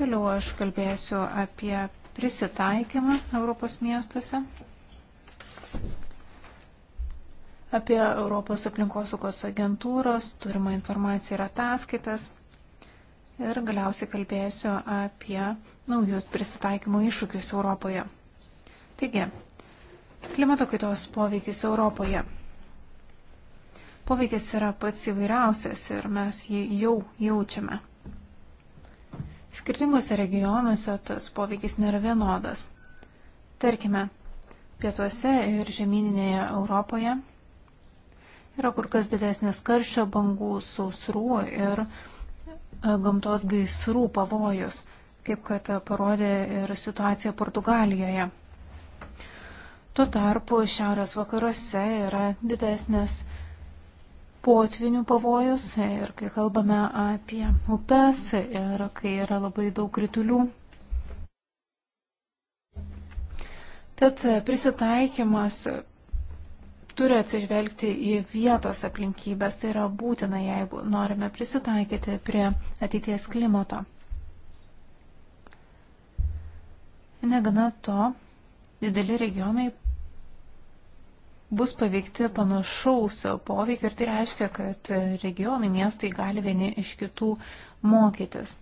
Toliau aš kalbėsiu apie prisitaikymą Europos miestuose, apie Europos aplinkosaugos agentūros turimą informaciją ir ataskaitas, ir galiausiai kalbėsiu apie naujus prisitaikymo iššūkius Europoje. Taigi, klimato kaitos poveikis Europoje. Poveikis yra pats įvairiausias ir mes jį jau jaučiame. Skirtingose regionuose tas poveikis nėra vienodas. Tarkime, pietuose ir žemyninėje Europoje yra kur kas didesnės karščio bangų, sausrų ir uh, E, gamtos gaisrų pavojus, kaip kad parodė ir situacija Portugalijoje. Tuo tarpu šiaurės vakaruose yra didesnis potvinių pavojus ir kai kalbame apie upes ir kai yra labai daug kritulių. Tad prisitaikymas turi atsižvelgti į vietos aplinkybės, tai yra būtina, jeigu norime prisitaikyti prie ateities klimato. Negana to, dideli regionai bus paveikti panašaus poveikio ir tai reiškia, kad regionai, miestai gali vieni iš kitų mokytis.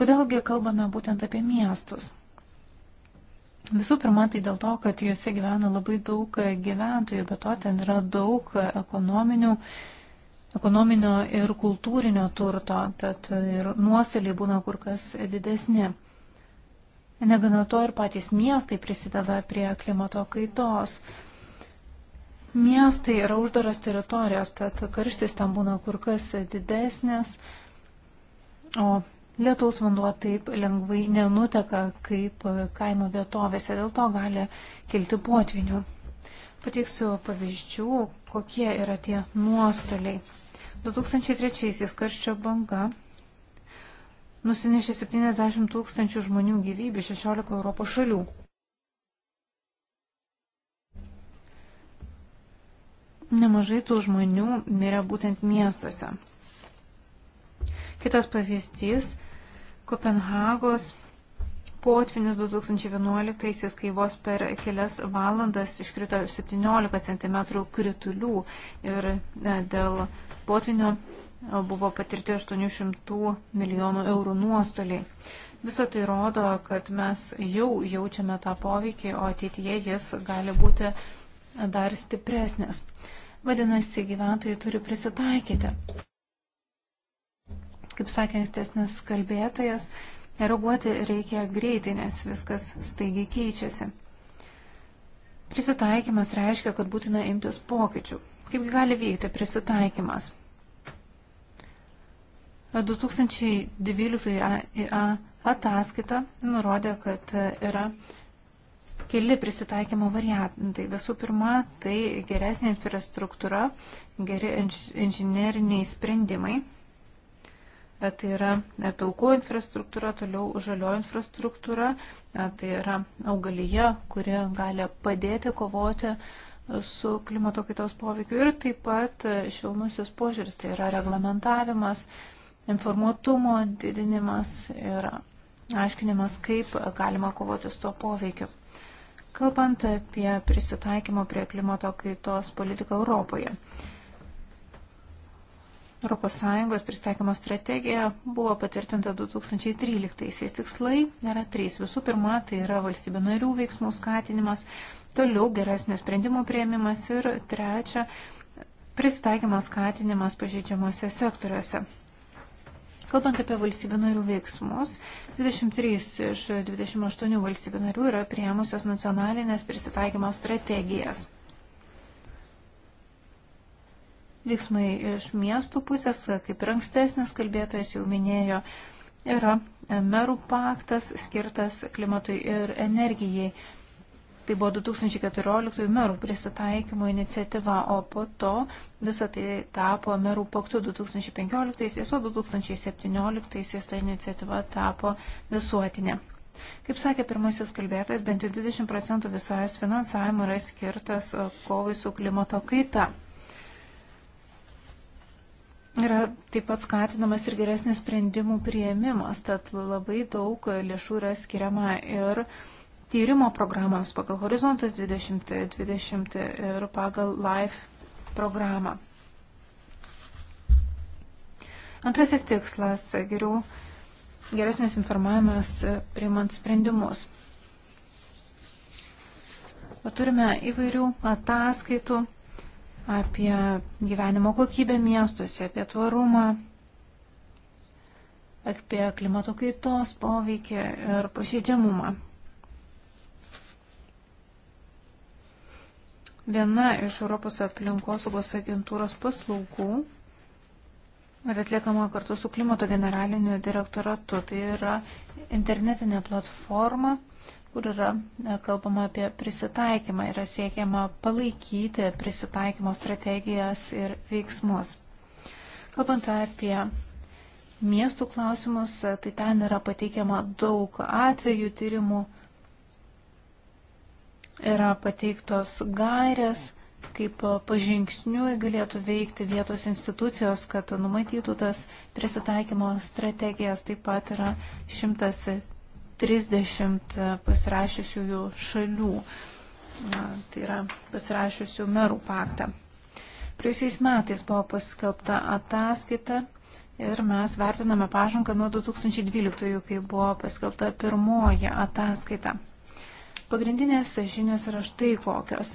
Kodėlgi kalbame būtent apie miestus? Visų pirma, tai dėl to, kad juose gyvena labai daug gyventojų, bet to ten yra daug ekonominių ekonominio ir kultūrinio turto, tad ir nuosėliai būna kur kas didesni. Negana to ir patys miestai prisideda prie klimato kaitos. Miestai yra uždaras teritorijos, tad karštis ten būna kur kas didesnis, o Lietaus vanduo taip lengvai nenuteka kaip kaimo vietovėse, dėl to gali kilti potvinių. Pateiksiu pavyzdžių, kokie yra tie nuostoliai. 2003-aisiais karščio banga nusinešė 70 tūkstančių žmonių gyvybių 16 Europos šalių. Nemažai tų žmonių mirė būtent miestuose. Kitas pavyzdys - Kopenhagos potvinis 2011-aisiais, kai vos per kelias valandas iškrito 17 cm kritulių ir e, dėl potvinio e, buvo patirti 800 milijonų eurų nuostoliai. Visą tai rodo, kad mes jau jaučiame tą poveikį, o ateityje jis gali būti dar stipresnis. Vadinasi, gyventojai turi prisitaikyti. Kaip sakė ankstesnis kalbėtojas, reaguoti reikia greitai, nes viskas staigiai keičiasi. Prisitaikymas reiškia, kad būtina imtis pokyčių. Kaip gali vykti prisitaikymas? 2012 IA ataskaita nurodė, kad yra keli prisitaikymo variantai. Visų pirma, tai geresnė infrastruktūra, geri inž inžineriniai sprendimai tai yra e, pilkoji infrastruktūra, toliau žalioji infrastruktūra, e, tai yra augalyje, kuri gali padėti kovoti e, su klimato kaitos poveikiu ir taip pat šilnusis požiūris, tai yra reglamentavimas, informuotumo didinimas ir aiškinimas, kaip galima kovoti su tuo poveikiu. Kalbant apie prisitaikymą prie klimato kaitos politiką Europoje. ES pristaikymo strategija buvo patvirtinta 2013-aisiais. Tikslai yra trys. Visų pirma, tai yra valstybių narių veiksmų skatinimas, toliau geresnio sprendimų prieimimas ir trečia, pristaikymo skatinimas pažeidžiamuose sektoriuose. Kalbant apie valstybių narių veiksmus, 23 iš 28 valstybių narių yra prieimusios nacionalinės prisitaikymo strategijas veiksmai iš miestų pusės, kaip ir ankstesnis kalbėtojas jau minėjo, yra merų paktas skirtas klimatui ir energijai. Tai buvo 2014 merų prisitaikymo iniciatyva, o po to visą tai tapo merų paktu 2015, o 2017 ta iniciatyva tapo visuotinė. Kaip sakė pirmasis kalbėtojas, bent jau 20 procentų visos finansavimo yra skirtas kovai su klimato kaita. Yra taip pat skatinamas ir geresnis sprendimų prieimimas, tad labai daug lėšų yra skiriama ir tyrimo programams pagal Horizontas 2020 ir pagal LIFE programą. Antrasis tikslas - geriau, geresnis informavimas priimant sprendimus. Turime įvairių ataskaitų apie gyvenimo kokybę miestuose, apie tvarumą, apie klimato kaitos poveikį ir pažeidžiamumą. Viena iš Europos aplinkosaugos agentūros paslaugų yra atliekama kartu su klimato generaliniu direktoratu. Tai yra internetinė platforma kur yra e, kalbama apie prisitaikymą, yra siekiama palaikyti prisitaikymo strategijas ir veiksmus. Kalbant apie miestų klausimus, e, tai ten yra pateikiama daug atvejų tyrimų, yra pateiktos gairės, kaip e, pažingsniui galėtų veikti vietos institucijos, kad numatytų tas prisitaikymo strategijas. Taip pat yra 100 30 pasirašiusiųjų šalių, tai yra pasirašiusių merų paktą. Praėjusiais metais buvo paskelbta ataskaita ir mes vertiname pažangą nuo 2012, kai buvo paskelbta pirmoji ataskaita. Pagrindinės žinios yra štai kokios.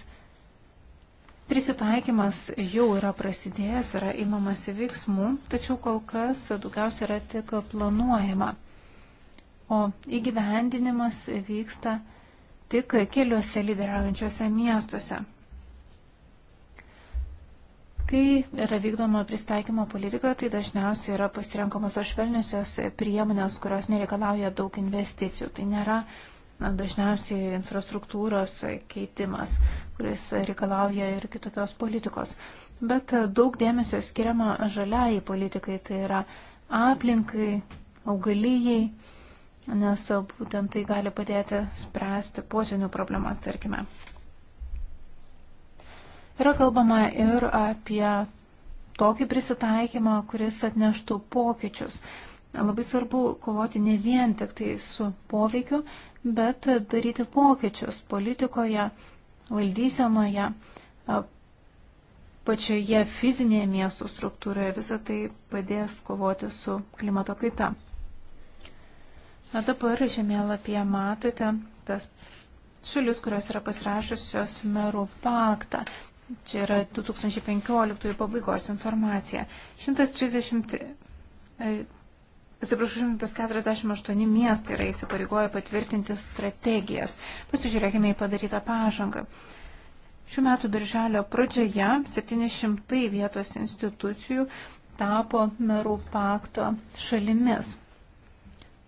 Prisitaikymas jau yra prasidėjęs, yra imamasi veiksmų, tačiau kol kas daugiausia yra tik planuojama o įgyvendinimas vyksta tik keliuose lyderiaujančiuose miestuose. Kai yra vykdoma pristaikymo politika, tai dažniausiai yra pasirenkamos ošvelniusios priemonės, kurios nereikalauja daug investicijų. Tai nėra na, dažniausiai infrastruktūros keitimas, kuris reikalauja ir kitokios politikos. Bet daug dėmesio skiriama žaliai politikai, tai yra aplinkai, augalijai nes būtent tai gali padėti spręsti požinių problemas, tarkime. Yra kalbama ir apie tokį prisitaikymą, kuris atneštų pokyčius. Labai svarbu kovoti ne vien tik tai su poveikiu, bet daryti pokyčius politikoje, valdysenoje, pačioje fizinėje miesto struktūroje. Visą tai padės kovoti su klimato kaita. Na dabar žemėlapyje matote tas šalis, kurios yra pasirašusios merų paktą. Čia yra 2015 pabaigos informacija. 130, e, atsiprašau, 148 miestai yra įsipareigoję patvirtinti strategijas. Pasižiūrėkime į padarytą pažangą. Šių metų birželio pradžioje 700 vietos institucijų tapo merų pakto šalimis.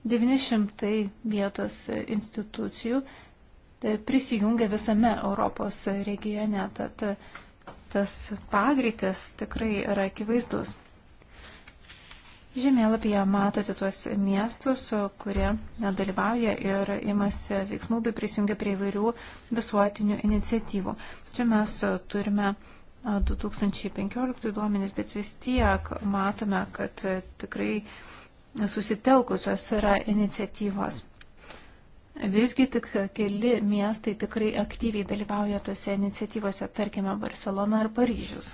900 vietos institucijų e, prisijungia visame Europos regione, tad tas pagreitis tikrai yra akivaizdus. Žemėlapyje matote tuos miestus, kurie dalyvauja ir imasi veiksmų bei prisijungia prie įvairių visuotinių iniciatyvų. Čia mes turime 2015 duomenys, bet vis tiek matome, kad tikrai susitelkusios yra iniciatyvos. Visgi tik keli miestai tikrai aktyviai dalyvauja tose iniciatyvose, tarkime Barcelona ar Paryžius.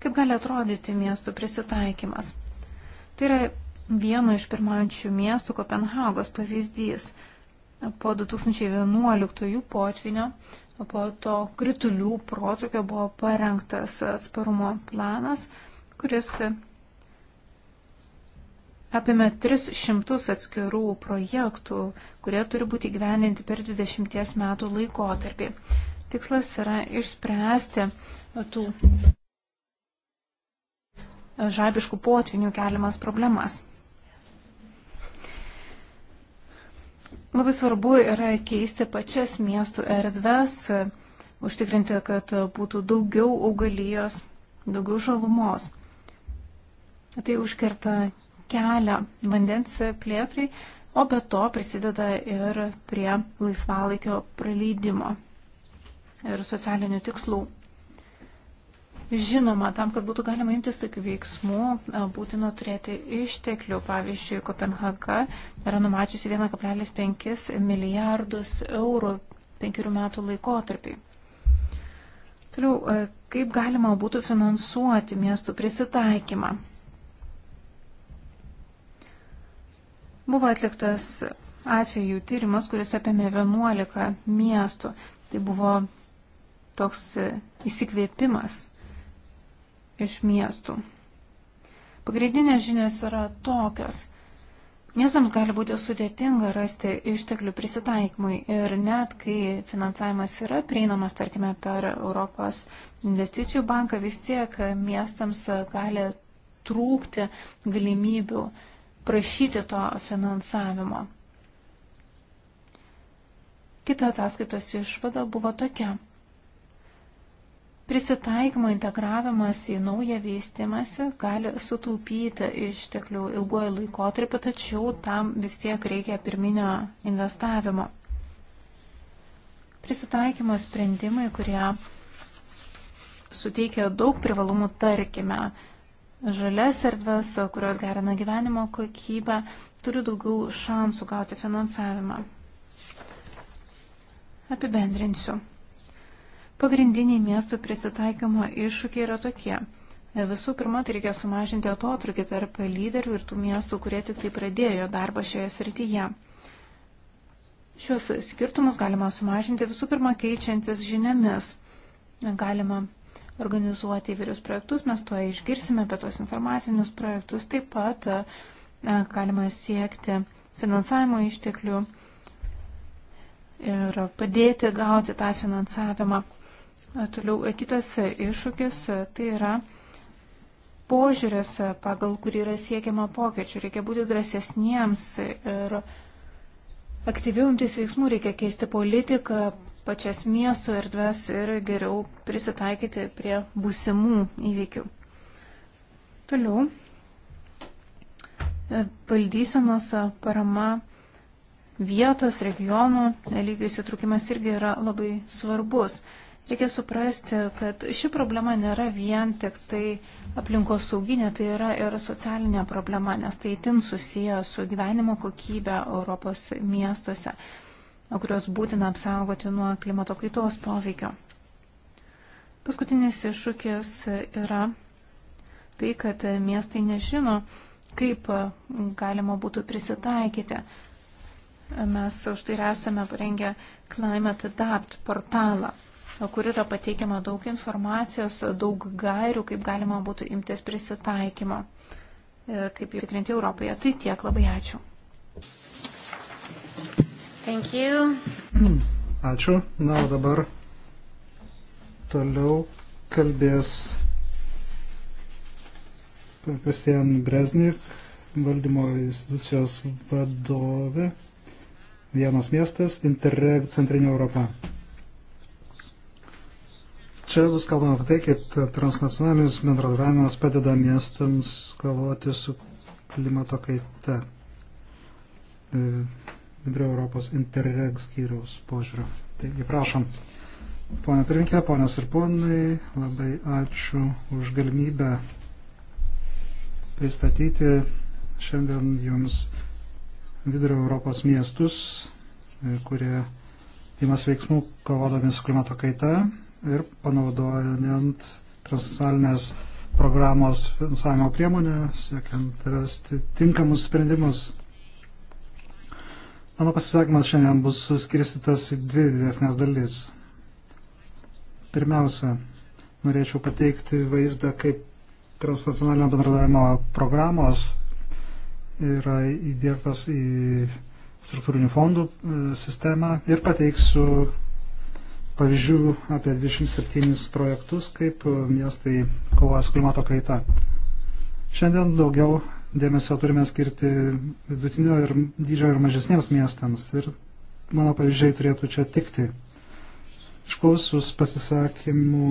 Kaip gali atrodyti miestų prisitaikymas? Tai yra vieno iš pirmaujančių miestų Kopenhagos pavyzdys. Po 2011 potvinio po to kritulių protrukio buvo parengtas atsparumo planas kuris apima 300 atskirų projektų, kurie turi būti gyveninti per 20 metų laikotarpį. Tikslas yra išspręsti tų žaibiškų potvinių keliamas problemas. Labai svarbu yra keisti pačias miestų erdves, užtikrinti, kad būtų daugiau augalijos, daugiau žalumos. Tai užkerta kelią vandens plėtrai, o be to prisideda ir prie laisvalaikio praleidimo ir socialinių tikslų. Žinoma, tam, kad būtų galima imtis tokių veiksmų, būtina turėti išteklių. Pavyzdžiui, Kopenhaga yra numačiusi 1,5 milijardus eurų penkerių metų laikotarpį. Toliau, kaip galima būtų finansuoti miestų prisitaikymą? Buvo atliktas atvejų tyrimas, kuris apėmė 11 miestų. Tai buvo toks įsikvėpimas iš miestų. Pagrindinės žinios yra tokios. Miestams gali būti sudėtinga rasti išteklių prisitaikymui ir net kai finansavimas yra prieinamas, tarkime, per Europos investicijų banką, vis tiek miestams gali trūkti galimybių prašyti to finansavimo. Kita ataskaitos išvada buvo tokia. Prisitaikymo integravimas į naują vystimąsi gali sutaupyti išteklių ilguoju laikotarpiu, tačiau tam vis tiek reikia pirminio investavimo. Prisitaikymo sprendimai, kurie suteikia daug privalumų, tarkime, žalias erdves, kurios gerina gyvenimo kokybę, turi daugiau šansų gauti finansavimą. Apibendrinsiu. Pagrindiniai miestų prisitaikymo iššūkiai yra tokie. Visų pirma, tai reikia sumažinti atotrukį tarp lyderių ir tų miestų, kurie tik tai pradėjo darbą šioje srityje. Šios skirtumus galima sumažinti visų pirma keičiantis žiniomis. Galima organizuoti įvairius projektus, mes to išgirsime apie tos informacinius projektus, taip pat e, e, galima siekti finansavimo išteklių ir padėti gauti tą finansavimą. E, toliau kitas iššūkis tai yra požiūris, pagal kurį yra siekiama pokyčių. Reikia būti drąsesniems ir aktyviau imtis veiksmų, reikia keisti politiką, pačias miesto erdves ir geriau prisitaikyti prie būsimų įvykių. Toliau. Valdysenos parama vietos, regionų lygio įsitraukimas irgi yra labai svarbus. Reikia suprasti, kad ši problema nėra vien tik tai aplinkos sauginė, tai yra ir socialinė problema, nes tai tin susiję su gyvenimo kokybė Europos miestuose kuriuos būtina apsaugoti nuo klimato kaitos poveikio. Paskutinis iššūkis yra tai, kad miestai nežino, kaip galima būtų prisitaikyti. Mes už tai esame parengę Climate Adapt portalą, kur yra pateikiama daug informacijos, daug gairių, kaip galima būtų imtis prisitaikymo ir kaip tikrinti Europoje. Tai tiek, labai ačiū. Thank you. Hmm. Ačiū. Na, o dabar toliau kalbės Kristijan Breznik, valdymo institucijos vadovė, vienas miestas, Interreg Centrinė Europa. Čia bus kalbama apie tai, kaip transnacionalinis bendradarbiavimas padeda miestams kovoti su klimato kaita. E, Vidurio Europos Interreg skyriaus požiūriu. Taigi prašom. Pone pirmininkė, ponios ir ponai, labai ačiū už galimybę pristatyti šiandien jums Vidurio Europos miestus, kurie imas veiksmų kovodami su klimato kaita ir panaudojant transnacionalinės programos finansavimo priemonę, siekiant rasti tinkamus sprendimus Mano pasisakymas šiandien bus suskirstytas į dvi didesnės dalis. Pirmiausia, norėčiau pateikti vaizdą, kaip transnacionalinio bendradarbiavimo programos yra įdėktos į struktūrinių fondų e, sistemą ir pateiksiu pavyzdžių apie 27 projektus, kaip miestai kovoja su klimato kaita. Šiandien daugiau dėmesio turime skirti vidutinio ir dydžio ir mažesniems miestams. Ir mano pavyzdžiai turėtų čia tikti. Išklausus pasisakymų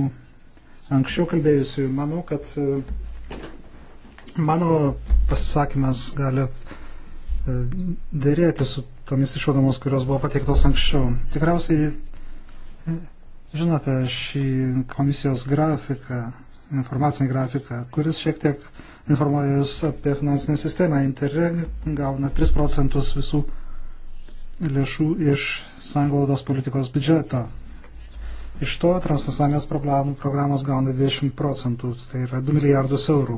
anksčiau kalbėjusių, manau, kad e, mano pasisakymas gali e, dėrėti su tomis išvadomis, kurios buvo pateiktos anksčiau. Tikriausiai e, žinote šį komisijos grafiką, informacinį grafiką, kuris šiek tiek informuoja Jūs apie finansinę sistemą. Interreg gauna 3 procentus visų lėšų iš sanglaudos politikos biudžeto. Iš to transnacionalinės programos gauna 20 procentų, tai yra 2 milijardus eurų.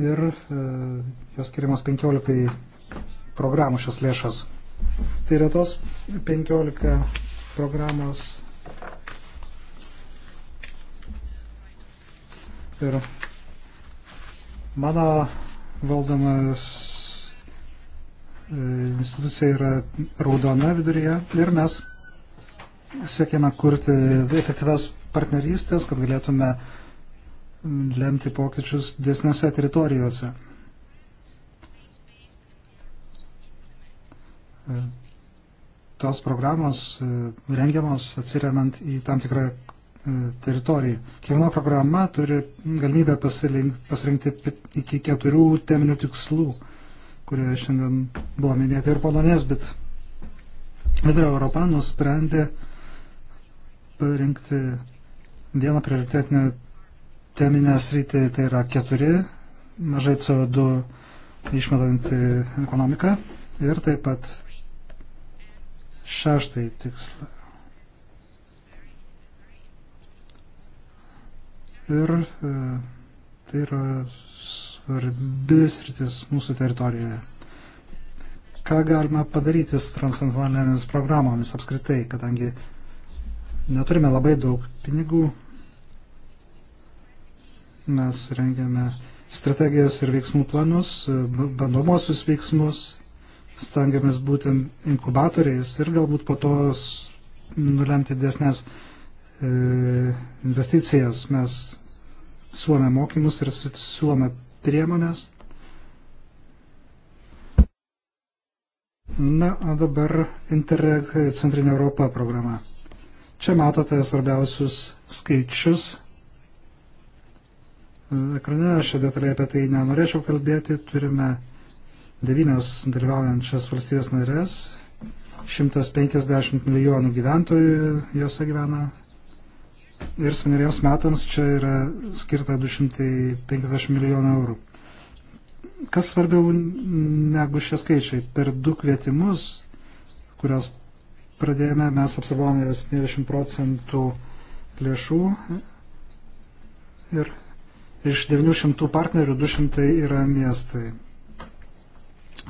Ir e, jos skiriamas 15 programų šios lėšos. Tai yra tos 15 programos ir Mano valdomas e, institucija yra raudona viduryje ir mes siekiame kurti efektyves partnerystės, kad galėtume lemti pokyčius desnėse teritorijose. E, tos programos e, rengiamos atsiriamant į tam tikrą E, teritorijai. Kiekviena programa turi galimybę pasirinkti iki keturių teminių tikslų, kurie šiandien buvo minėti ir polonės, bet Vidurio Europa nusprendė parinkti vieną prioritetinę teminę sritį, tai yra keturi, mažai CO2 išmetantį ekonomiką ir taip pat šeštąjį tikslą Ir e, tai yra svarbi sritis mūsų teritorijoje. Ką galime padaryti su transnacionalinėmis programomis apskritai, kadangi neturime labai daug pinigų, mes rengiame strategijas ir veiksmų planus, e, bandomosius veiksmus, stengiamės būti inkubatoriais ir galbūt po to nulemti desnės E, investicijas. Mes suome mokymus ir suome priemonės. Na, o dabar Interreg Centrinė Europa programa. Čia matote svarbiausius skaičius. Ekrane aš detaliai apie tai nenorėčiau kalbėti. Turime devynios dalyvaujančias valstybės narės, 150 milijonų gyventojų jose gyvena, ir seneriems metams čia yra skirta 250 milijonų eurų. Kas svarbiau negu šie skaičiai? Per du kvietimus, kurias pradėjome, mes apsavome 70 procentų lėšų ir iš 900 partnerių 200 yra miestai.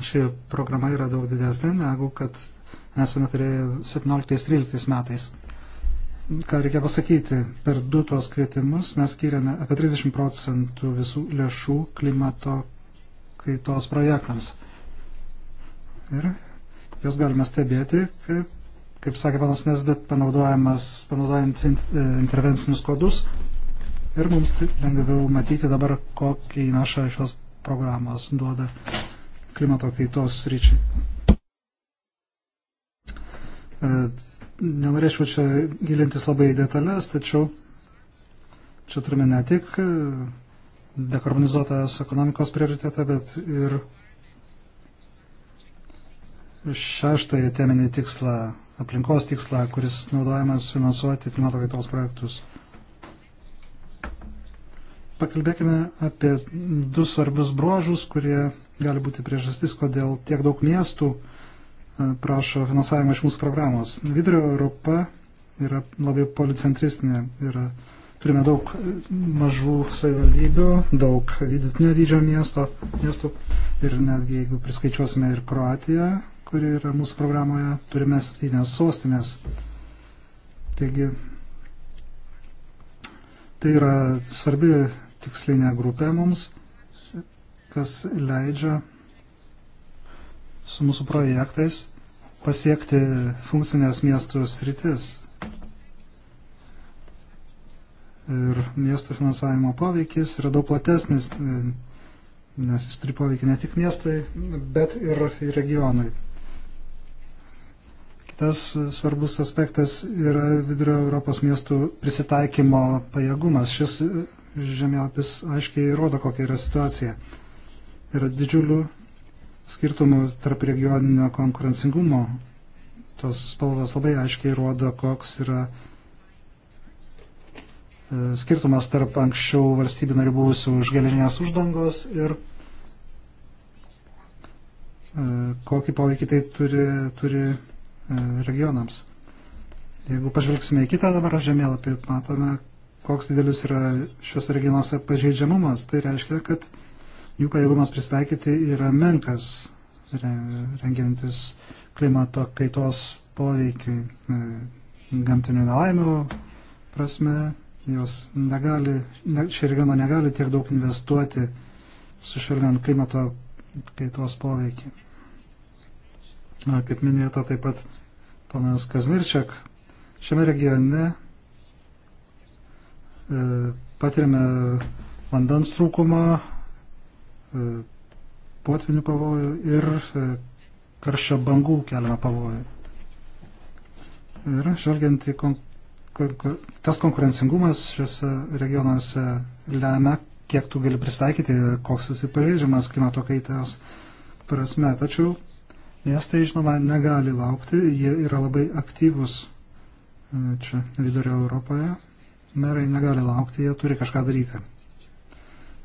Ši programa yra daug didesnė negu kad esame turėję 17-13 metais ką reikia pasakyti, per du tuos kvietimus mes skiriame apie 30 procentų visų lėšų klimato kaitos projektams. Ir jos galime stebėti, kaip, kaip sakė panas Nesbet, panaudojant in, e, intervencinius kodus. Ir mums lengviau matyti dabar, kokį įnašą šios programos duoda klimato kaitos ryčiai e, nenorėčiau čia gilintis labai į detalės, tačiau čia turime ne tik e, dekarbonizuotos ekonomikos prioritetą, bet ir šeštąjį teminį tikslą, aplinkos tikslą, kuris naudojamas finansuoti klimato kaitos projektus. Pakalbėkime apie du svarbius bruožus, kurie gali būti priežastis, kodėl tiek daug miestų uh, prašo finansavimo iš mūsų programos. Vidurio Europa yra labai policentristinė. Yra, turime daug mažų savivaldybių, daug vidutinio dydžio miesto, miestų ir netgi jeigu priskaičiuosime ir Kroatiją, kuri yra mūsų programoje, turime septynės sostinės. Taigi tai yra svarbi tikslinė grupė mums, kas leidžia su mūsų projektais pasiekti funkcinės miestų sritis ir miestų finansavimo poveikis yra daug platesnis, nes jis turi poveikį ne tik miestui, bet ir regionui. Kitas svarbus aspektas yra vidurio Europos miestų prisitaikymo pajėgumas. Šis žemėlapis aiškiai rodo, kokia yra situacija. Yra didžiulių skirtumų tarp regioninio konkurencingumo. Tos spalvos labai aiškiai rodo, koks yra e, skirtumas tarp anksčiau valstybių narių buvusių už geležinės uždangos ir e, kokį poveikį tai turi, turi e, regionams. Jeigu pažvelgsime į kitą dabar žemėlapį, matome, koks didelis yra šiuose regionuose pažeidžiamumas. Tai reiškia, kad jų pajėgumas prisitaikyti yra menkas, rengiantis klimato kaitos poveikiui e, gamtinių nelaimių prasme. Jos negali, ne, šie regionai negali tiek daug investuoti sušvelniant klimato kaitos poveikį. Na, kaip minėta taip pat panas Kazmirčiak, šiame regione e, patirime vandens trūkumą, E, potvinių pavojų ir e, karščio bangų keliamą pavojų. Ir žvelgiant į kon kon tas konkurencingumas šiuose regionuose lemia, kiek tu gali pristaikyti ir koks esi pažeidžiamas klimato kaitos prasme. Tačiau miestai, žinoma, negali laukti, jie yra labai aktyvus e, čia vidurio Europoje. Merai negali laukti, jie turi kažką daryti.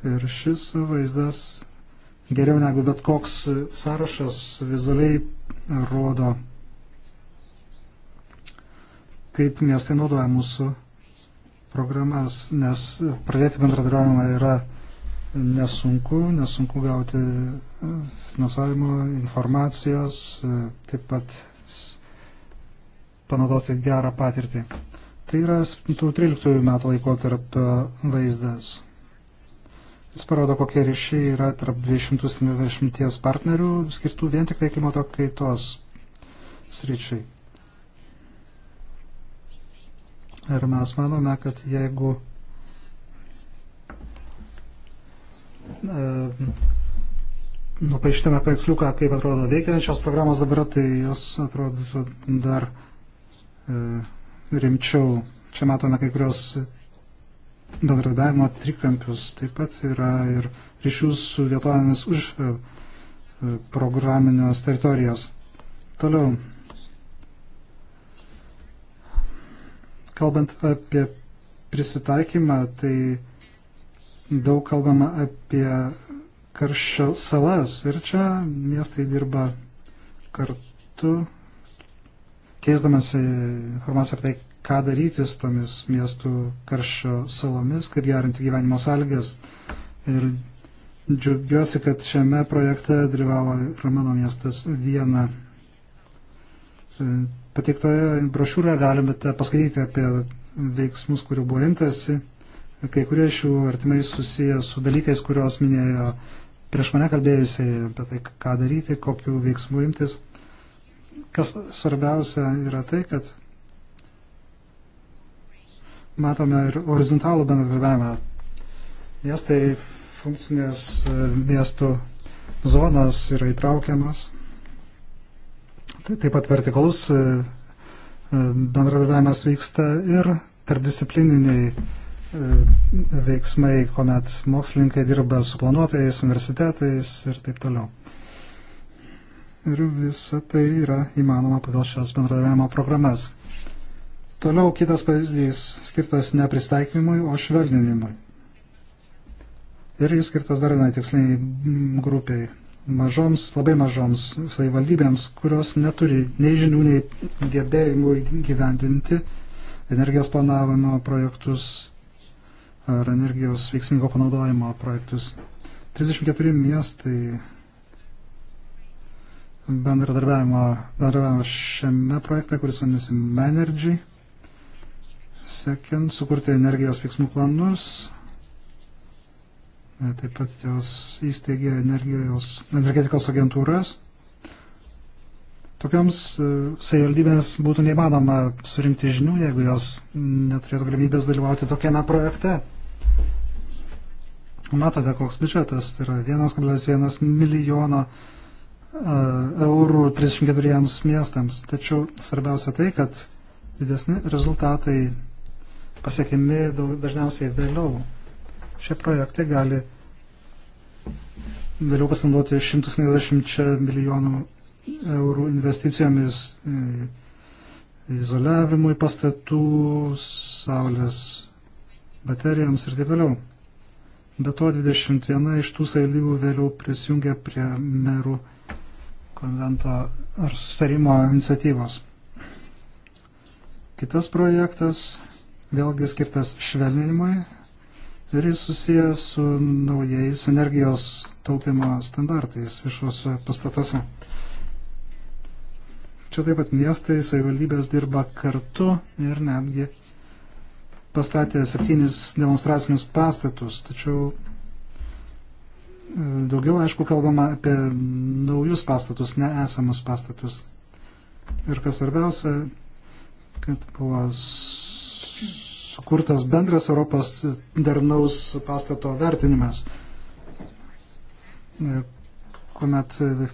Ir šis vaizdas geriau negu bet koks sąrašas vizualiai rodo, kaip miestai naudoja mūsų programas, nes pradėti bendradarbiavimą yra nesunku, nesunku gauti e, finansavimo informacijos, e, taip pat panaudoti gerą patirtį. Tai yra 13 metų laikotarpio vaizdas. Jis parodo, kokie ryšiai yra tarp 270 partnerių skirtų vien tik tai klimato kaitos sričiai. Ir mes manome, kad jeigu e, nupaištume paveiksliuką, kaip atrodo veikiančios programos dabar, tai jos atrodo dar e, rimčiau. Čia matome kai kurios bendradavimo trikampius, taip pat yra ir ryšius su vietovėmis už e, e, programinės teritorijos. Toliau, kalbant apie prisitaikymą, tai daug kalbama apie karščio salas ir čia miestai dirba kartu, keisdamas informaciją apie tai, ką daryti su tomis miestų karščio salomis, kaip gerinti gyvenimo sąlygas. Ir džiaugiuosi, kad šiame projekte dalyvavo ir mano miestas viena. E, pateiktoje brošiūroje galite paskaityti apie veiksmus, kurių buvo imtasi. Kai kurie iš jų artimai susiję su dalykais, kuriuos minėjo prieš mane kalbėjusiai apie tai, ką daryti, kokiu veiksmu imtis. Kas svarbiausia yra tai, kad matome ir horizontalų bendradarbiavimą, nes tai funkcinės e, miestų zonos yra įtraukiamas. Tai taip pat vertikalus e, e, bendradarbiavimas vyksta ir tarpdisciplininiai veiksmai, kuomet mokslininkai dirba su planuotojais, universitetais ir taip toliau. Ir visa tai yra įmanoma pagal šias bendradarbiavimo programas. Toliau kitas pavyzdys skirtas ne pristaikymui, o švelninimui. Ir jis skirtas dar vienai tiksliniai grupiai mažoms, labai mažoms savivaldybėms, kurios neturi nei žinių, nei gebėjimų gyvendinti energijos planavimo projektus ar energijos veiksmingo panaudojimo projektus. 34 miestai bendradarbiavimo, bendradarbiavimo šiame projekte, kuris vadinasi Manergy. Sekin, sukurti energijos veiksmų planus, e, taip pat jos įsteigė energijos, energetikos agentūras. Tokioms e, savivaldybėms būtų neįmanoma surinkti žinių, jeigu jos neturėtų galimybės dalyvauti tokiame projekte. Matote, koks biudžetas, tai yra 1,1 milijono e, eurų 34 miestams. Tačiau svarbiausia tai, kad didesni rezultatai pasiekimi dažniausiai vėliau. Šie projektai gali vėliau pasinaudoti 150 milijonų eurų investicijomis izoliavimui pastatų, saulės baterijoms ir taip vėliau. Be to 21 iš tų savivaldybių vėliau prisijungė prie merų konvento ar sustarimo iniciatyvos. Kitas projektas vėlgi skirtas švelninimui ir jis susijęs su naujais energijos taupimo standartais viešuose pastatuose. Čia taip pat miestai, savivaldybės dirba kartu ir netgi pastatė septynis demonstracinius pastatus, tačiau e, daugiau, aišku, kalbama apie naujus pastatus, neesamus pastatus. Ir kas svarbiausia, kad buvo sukurtas bendras Europos darnaus pastato vertinimas, e, kuomet e,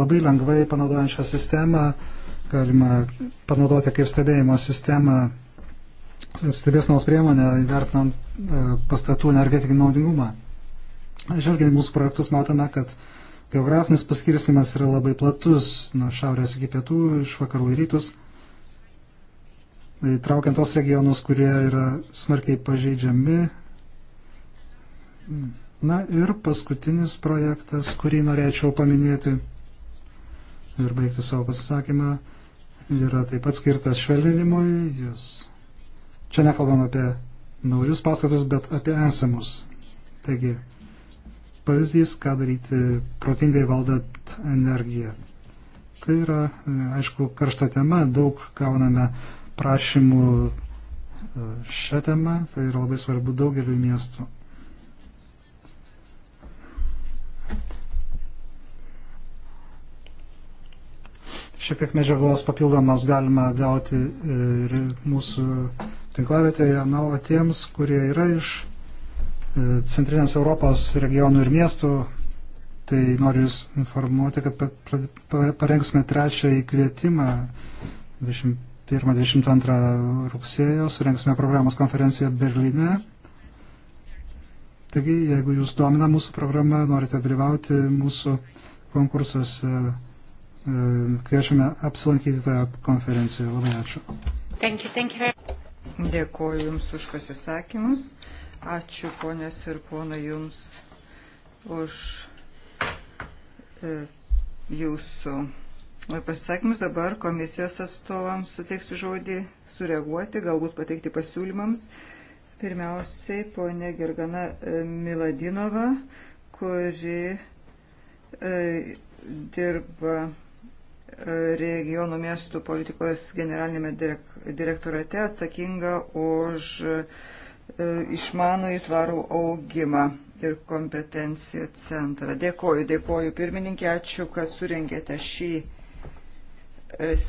labai lengvai panaudojant šią sistemą galima panaudoti kaip stebėjimo sistemą, stebėsnos priemonę įvertinant e, pastatų energetinį naudingumą. Žvelgiant mūsų projektus matome, kad geografinis paskirstimas yra labai platus nuo šiaurės iki pietų, iš vakarų į rytus įtraukiant tai tos regionus, kurie yra smarkiai pažeidžiami. Na ir paskutinis projektas, kurį norėčiau paminėti ir baigti savo pasisakymą, yra taip pat skirtas švelninimui. Jis... Čia nekalbam apie naujus pastatus, bet apie esamus. Taigi, pavyzdys, ką daryti protingai valdant energiją. Tai yra, aišku, karšta tema, daug gauname prašymų e, šią temą, tai yra labai svarbu daugeliu miestų. Šiek tiek medžiagos papildomos galima gauti ir mūsų tinklavietėje, na, o tiems, kurie yra iš e, Centrinės Europos regionų ir miestų, tai noriu Jūs informuoti, kad parengsime trečiąjį kvietimą 20 1-22 rugsėjo surenksime programos konferenciją Berlyne. Taigi, jeigu jūs domina mūsų programa, norite dalyvauti mūsų konkursas, e, kviečiame apsilankyti toje konferencijoje. Labai ačiū. Thank you, thank you. Dėkuoju Jums už pasisakymus. Ačiū ponės ir ponai Jums už e, Jūsų pasisakymus. Dabar komisijos atstovams suteiksiu žodį sureaguoti, galbūt pateikti pasiūlymams. Pirmiausiai ponė Gergana e, Miladinova, kuri e, dirba e, regionų miestų politikos generalinėme direktorate atsakinga už e, išmanų įtvarų augimą ir kompetencijų centrą. Dėkoju, dėkoju pirmininkė, ačiū, kad surengėte šį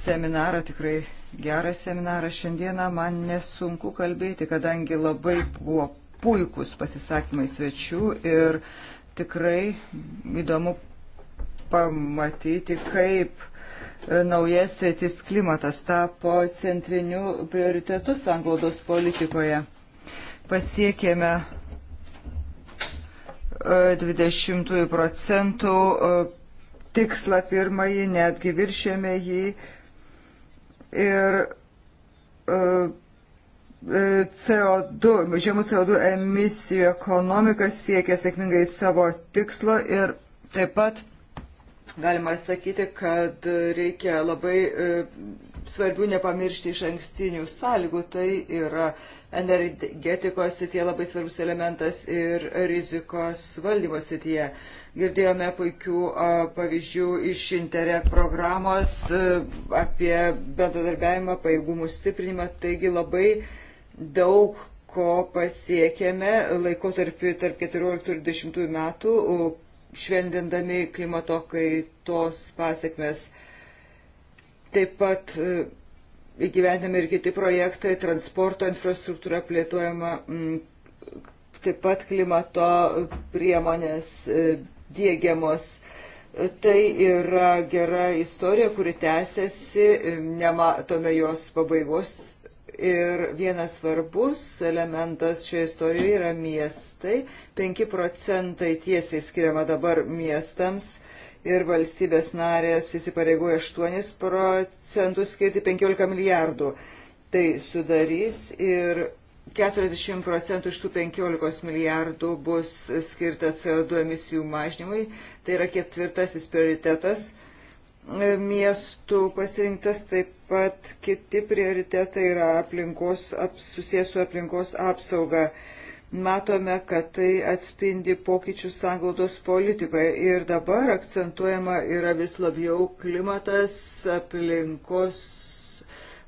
seminarą, tikrai gerą seminarą. Šiandieną man nesunku kalbėti, kadangi labai buvo puikus pasisakymai svečių ir tikrai įdomu pamatyti, kaip e, naujas sveitis klimatas tapo centriniu prioritetu sanglaudos politikoje. Pasiekėme 20 e, procentų e, tikslą pirmąjį, netgi viršėme jį. Ir e, e, CO2, žemų CO2 emisijų ekonomika siekia sėkmingai savo tikslo ir taip pat galima sakyti, kad reikia labai e, svarbių nepamiršti iš ankstinių sąlygų. Tai yra energetikos sitie labai svarbus elementas ir rizikos valdymo sitie. Girdėjome puikių pavyzdžių iš Interreg programos apie bendradarbiavimą, pajėgumų stiprinimą. Taigi labai daug ko pasiekėme laikotarpiu tarp 14 ir 10 metų, švelnindami klimato kaitos pasiekmes. Taip pat e, įgyvendami ir kiti projektai, transporto infrastruktūra plėtojama, taip pat klimato priemonės e, dėgiamos. Tai yra gera istorija, kuri tęsiasi, nematome jos pabaigos. Ir vienas svarbus elementas šioje istorijoje yra miestai. 5 procentai tiesiai skiriama dabar miestams ir valstybės narės įsipareigoja 8 procentus skirti 15 milijardų. Tai sudarys ir 40 procentų iš tų 15 milijardų bus skirta CO2 emisijų mažinimui. Tai yra ketvirtasis prioritetas e, miestų pasirinktas. Taip pat kiti prioritetai yra aplinkos, susijęs su aplinkos apsauga. Matome, kad tai atspindi pokyčius sanglaudos politikoje ir dabar akcentuojama yra vis labiau klimatas, aplinkos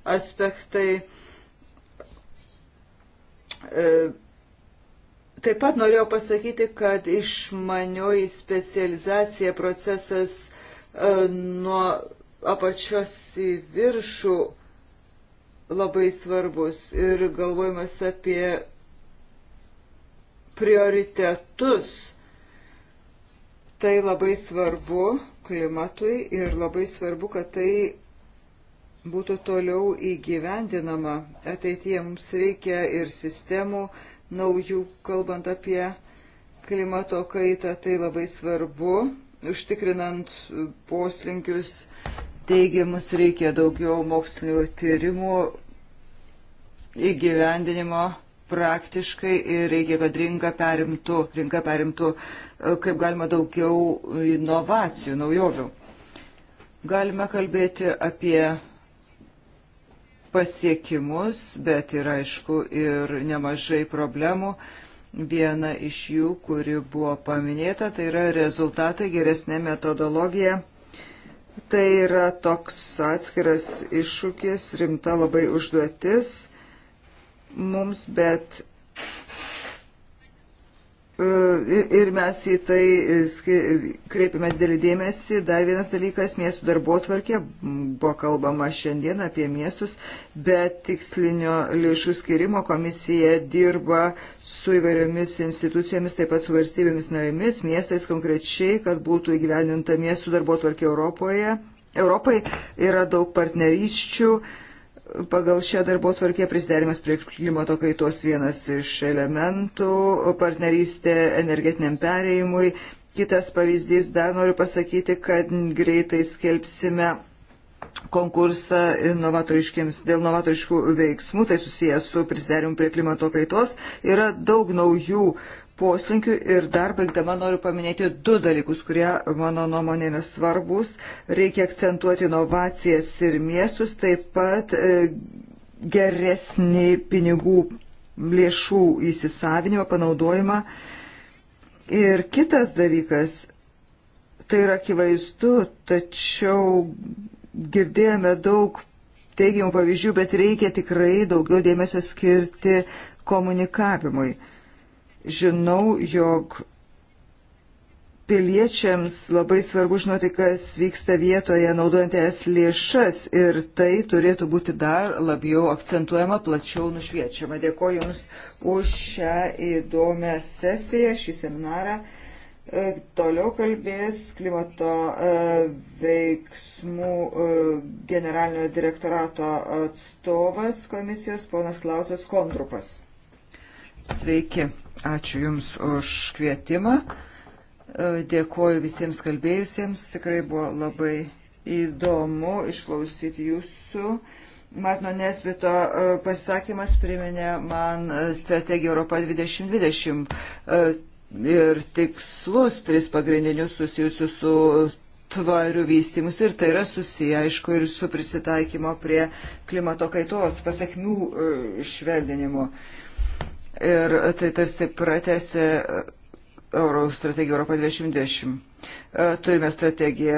aspektai E, taip pat norėjau pasakyti, kad išmanioji specializacija procesas e, nuo apačios į viršų labai svarbus ir galvojimas apie prioritetus. Tai labai svarbu klimatui ir labai svarbu, kad tai būtų toliau įgyvendinama. Ateityje mums reikia ir sistemų naujų, kalbant apie klimato kaitą, tai labai svarbu. Užtikrinant poslinkius teigiamus reikia daugiau mokslinių tyrimų įgyvendinimo praktiškai ir reikia, kad rinka perimtų, rinka perimtų e, kaip galima daugiau inovacijų, naujovių. Galime kalbėti apie pasiekimus, bet yra aišku ir nemažai problemų. Viena iš jų, kuri buvo paminėta, tai yra rezultatai geresnė metodologija. Tai yra toks atskiras iššūkis, rimta labai užduotis mums, bet E, ir mes į tai e, kreipiame didelį dėmesį. Dar vienas dalykas - miestų darbo tvarkė. Buvo kalbama šiandien apie miestus, bet tikslinio lėšų skirimo komisija dirba su įvairiomis institucijomis, taip pat su valstybėmis narėmis, miestais konkrečiai, kad būtų įgyvendinta miestų darbo tvarkė Europoje. Europai yra daug partnerysčių. Uh, Pagal šią darbo tvarkę prisidarimas prie klimato kaitos vienas iš elementų, partnerystė energetiniam perėjimui. Kitas pavyzdys, dar noriu pasakyti, kad greitai skelbsime konkursą novatoriškiams dėl novatoriškų veiksmų, tai susijęs su prisidarimu prie klimato kaitos. Yra daug naujų poslinkių ir dar baigdama noriu paminėti du dalykus, kurie mano nuomonė yra svarbus. Reikia akcentuoti inovacijas ir miestus, taip pat e, geresnį pinigų lėšų įsisavinimą, panaudojimą. Ir kitas dalykas, tai yra akivaizdu, tačiau girdėjome daug teigiamų pavyzdžių, bet reikia tikrai daugiau dėmesio skirti komunikavimui. Žinau, jog piliečiams labai svarbu žinoti, kas vyksta vietoje naudojant es lėšas ir tai turėtų būti dar labiau akcentuojama, plačiau nušviečiama. Dėkoju Jums už šią įdomią sesiją, šį seminarą. E, toliau kalbės klimato e, veiksmų e, generalinio direktorato atstovas komisijos ponas Klausas Kondrupas. Sveiki. Ačiū Jums už kvietimą. E, Dėkuoju visiems kalbėjusiems. Tikrai buvo labai įdomu išklausyti Jūsų. Martino Nesbito e, pasisakymas priminė man e, strategiją Europą 2020 ir tikslus tris pagrindinius susijusius su tvariu vystymus ir tai yra susiję, aišku, ir su prisitaikymo prie klimato kaitos pasiekmių švelninimu. E, ir tai tarsi pratęsė e, Euro strategiją Europą 2020. E, turime strategiją.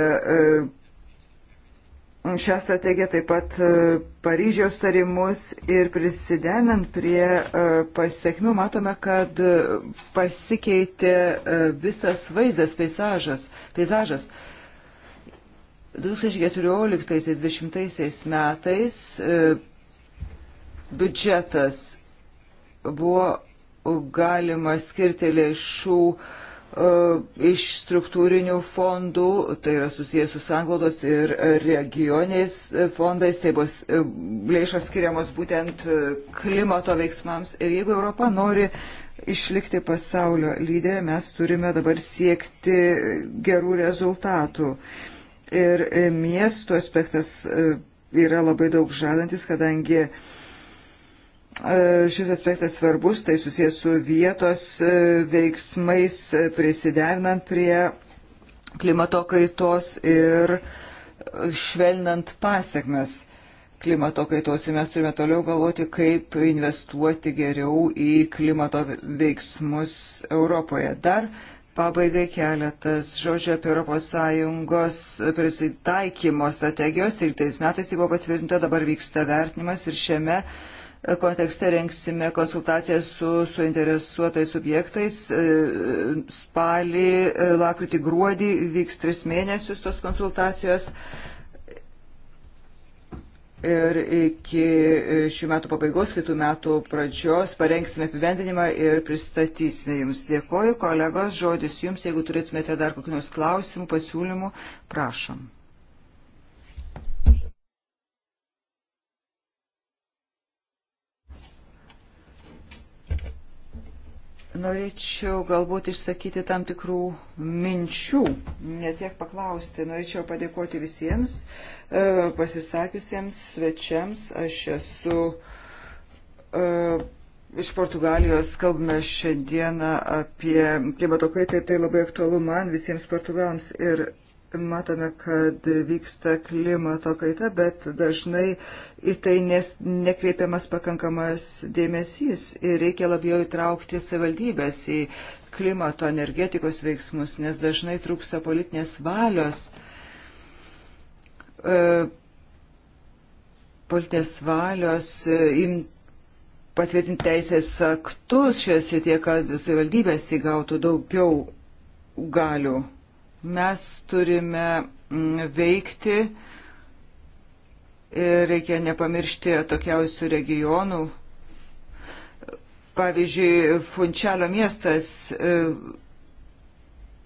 E, šią strategiją taip pat Paryžiaus tarimus ir prisidedant prie pasiekmių matome, kad pasikeitė visas vaizdas, peizažas. peizažas. 2014-2020 metais biudžetas buvo galima skirti lėšų e, iš struktūrinių fondų, tai yra susijęs su sanglaudos ir regioniais fondais, tai bus e, lėšos skiriamos būtent e, klimato veiksmams. Ir jeigu Europa nori išlikti pasaulio lyderė, mes turime dabar siekti gerų rezultatų. Ir miestų aspektas yra labai daug žadantis, kadangi uh, E, šis aspektas svarbus, tai susijęs su vietos e, veiksmais e, prisidernant prie klimato kaitos ir švelnant pasiekmes klimato kaitos ir mes turime toliau galvoti, kaip investuoti geriau į klimato veiksmus Europoje. Dar pabaigai keletas žodžių apie ES prisitaikymo strategijos. 13 metais jį buvo patvirtinta, dabar vyksta vertinimas ir šiame uh, kontekste rengsime konsultacijas su suinteresuotais subjektais. E, spalį, e, lakrytį, gruodį vyks tris mėnesius tos konsultacijos. Ir iki šių metų pabaigos, kitų metų pradžios parengsime apibendinimą ir pristatysime jums. Dėkoju, kolegos, žodis jums, jeigu turėtumėte dar kokių nors klausimų, pasiūlymų, prašom. Norėčiau galbūt išsakyti tam tikrų minčių, netiek paklausti. Norėčiau padėkoti visiems e, pasisakiusiems svečiams. Aš esu uh, iš Portugalijos, kalbame šiandieną apie klimato kaitą ir tai labai aktualu man, visiems portugalams. Ir matome, kad vyksta klimato kaita, bet dažnai į tai nes, nekreipiamas pakankamas dėmesys ir reikia labiau įtraukti savivaldybės į klimato energetikos veiksmus, nes dažnai trūksta politinės valios. E, politinės valios e, patvirtinti teisės aktus šioje srityje, kad savivaldybės įgautų daugiau galių Mes turime mm, veikti ir reikia nepamiršti atokiausių regionų. Pavyzdžiui, Funčelio miestas e,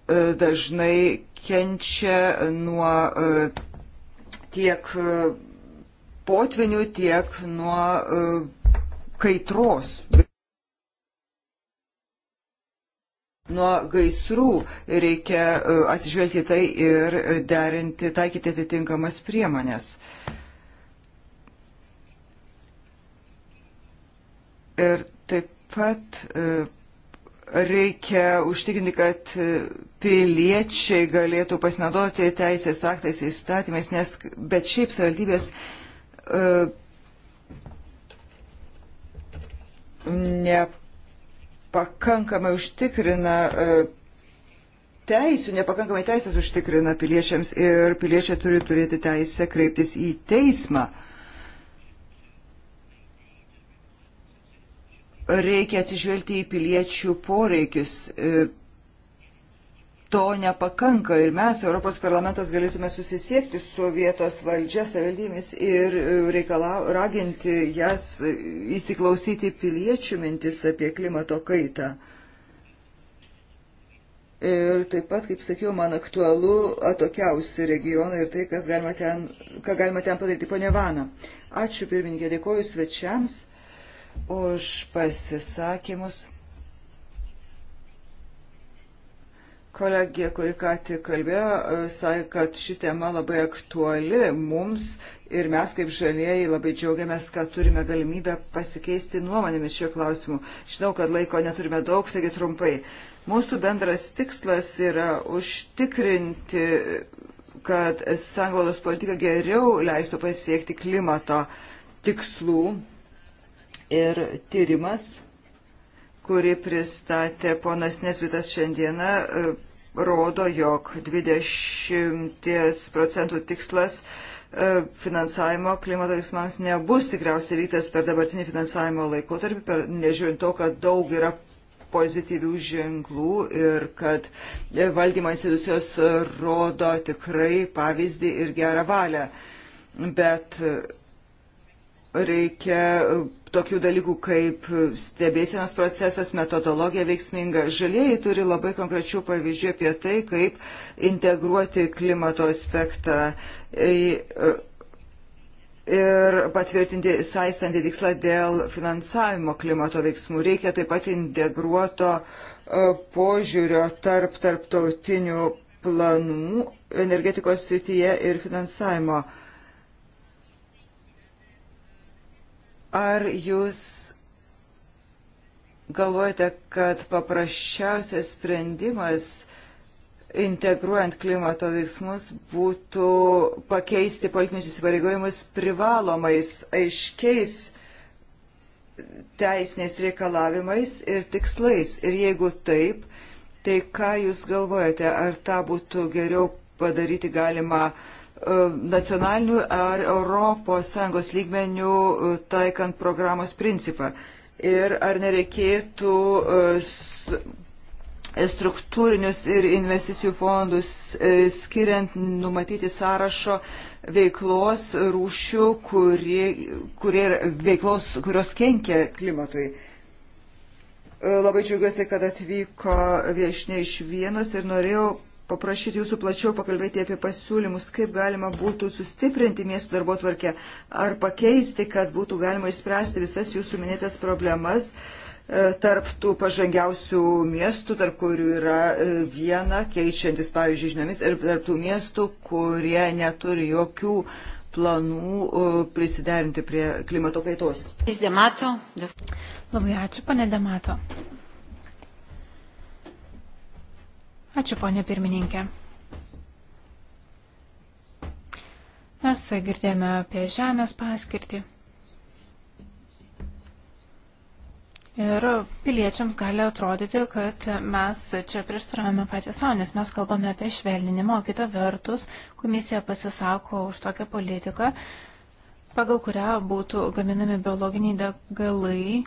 e, dažnai kenčia nuo e, tiek potvinių, tiek nuo kaitros. nuo gaisrų. Reikia e, atsižvelgti tai ir derinti, taikyti atitinkamas priemonės. Ir taip pat e, reikia užtikrinti, kad piliečiai galėtų pasinaudoti teisės aktais įstatymais, nes bet šiaip savivaldybės uh, ne pakankamai užtikrina e, teisų, nepakankamai teisės užtikrina piliečiams ir piliečiai turi turėti teisę kreiptis į teismą. Reikia atsižvelgti į piliečių poreikius. E, to nepakanka ir mes, Europos parlamentas, galėtume susisiekti su vietos valdžia savivaldybėmis ir e, reikala, raginti jas įsiklausyti piliečių mintis apie klimato kaitą. Ir taip pat, kaip sakiau, man aktualu atokiausi regionai ir tai, kas galima ten, ką galima ten padaryti. Pone Vana, ačiū pirmininkė, dėkoju svečiams už pasisakymus. Kolegija, kuri ką tik kalbėjo, e, sakė, kad ši tema labai aktuali mums ir mes kaip žalieji labai džiaugiamės, kad turime galimybę pasikeisti nuomonėmis šiuo klausimu. Žinau, kad laiko neturime daug, taigi trumpai. Mūsų bendras tikslas yra užtikrinti, kad sanglaudos politika geriau leistų pasiekti klimato tikslų ir tyrimas kurį pristatė ponas Nesvitas šiandieną, e, rodo, jog 20 procentų tikslas e, finansavimo klimato veiksmams nebus tikriausiai vyktas per dabartinį finansavimo laikotarpį, per, nežiūrint to, kad daug yra pozityvių ženklų ir kad e, valdymo institucijos rodo tikrai pavyzdį ir gerą valią. Bet reikia tokių dalykų kaip stebėsienos procesas, metodologija veiksminga. Žalieji turi labai konkrečių pavyzdžių apie tai, kaip integruoti klimato aspektą ir patvirtinti saistantį tikslą dėl finansavimo klimato veiksmų. Reikia taip pat integruoto e, požiūrio tarp tarptautinių planų energetikos srityje ir finansavimo. Uh, Ar jūs galvojate, kad paprasčiausias sprendimas integruojant klimato veiksmus būtų pakeisti politinius įsipareigojimus privalomais, aiškiais teisiniais reikalavimais ir tikslais. Ir jeigu taip, tai ką Jūs galvojate, ar tą būtų geriau padaryti galima uh, nacionalinių ar ES lygmenių e, taikant programos principą. Ir ar nereikėtų e, struktūrinius ir investicijų fondus e, skiriant numatyti sąrašo veiklos rūšių, kurie, kurie veiklos, kurios kenkia klimatui. Labai džiaugiuosi, kad atvyko viešne iš vienos ir norėjau paprašyti jūsų plačiau pakalbėti apie pasiūlymus, kaip galima būtų sustiprinti miestų darbo tvarkę ar pakeisti, kad būtų galima išspręsti visas jūsų minėtas problemas e, tarp tų pažangiausių miestų, tarp kurių yra e, viena, keičiantis, pavyzdžiui, žiniomis, ir tarp tų miestų, kurie neturi jokių planų e, prisiderinti prie klimato kaitos. Labai ačiū, pane Demato. Ačiū, ponė pirmininkė. Mes girdėjome apie žemės paskirtį. Ir piliečiams gali atrodyti, kad mes čia prieštaravome patys savo, nes mes kalbame apie švelninimą, o kita vertus komisija pasisako už tokią politiką, pagal kurią būtų gaminami biologiniai degalai.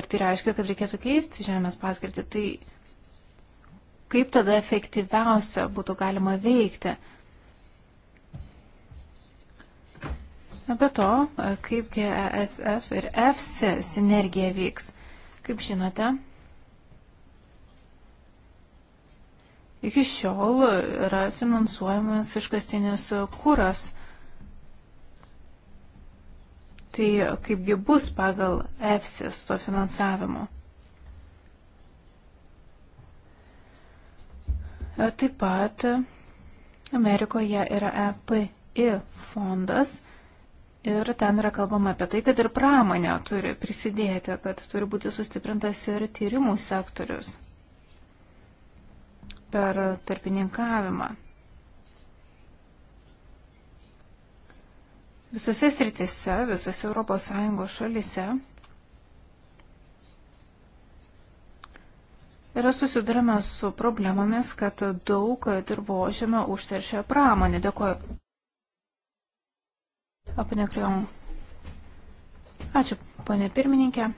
Ir tai reiškia, kad reikėtų keisti žemės paskirtį. Tai kaip tada efektyviausia būtų galima veikti. Be to, kaip GESF ir EFSI sinergija vyks. Kaip žinote, iki šiol yra finansuojamas iškastinis kūras. Tai kaipgi bus pagal EFSI su to finansavimu? E, taip pat Amerikoje yra EPI fondas ir ten yra kalbama apie tai, kad ir pramonė turi prisidėti, kad turi būti sustiprintas ir tyrimų sektorius per tarpininkavimą. Visose sritise, visose ES šalise yra susidurime su problemomis, kad daug dirbožėme užteršia pramonė. Dėkuoju. Apane Kriom. Ačiū, pane pirmininkė.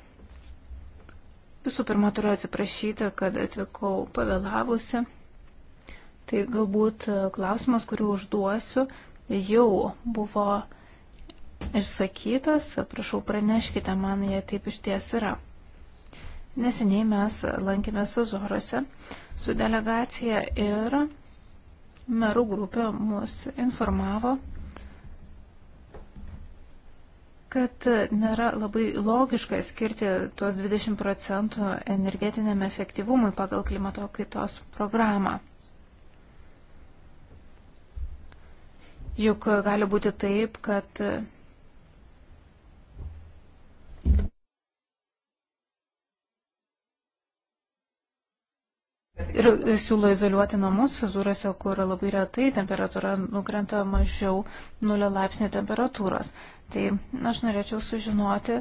Visų pirma, turiu atsiprašyti, kad atvykau pavėlavusi. Tai galbūt klausimas, kurį užduosiu, jau buvo išsakytas. Prašau, praneškite man, jei taip iš ties yra. Neseniai mes lankėmės Azorose su delegacija ir merų grupė mus informavo, kad nėra labai logiška skirti tuos 20 procentų energetiniam efektyvumui pagal klimato kaitos programą. Juk gali būti taip, kad Ir e, siūlo izoliuoti namus zūrose, kur labai retai temperatūra nukrenta mažiau 0 laipsnių temperatūros. Tai aš norėčiau sužinoti,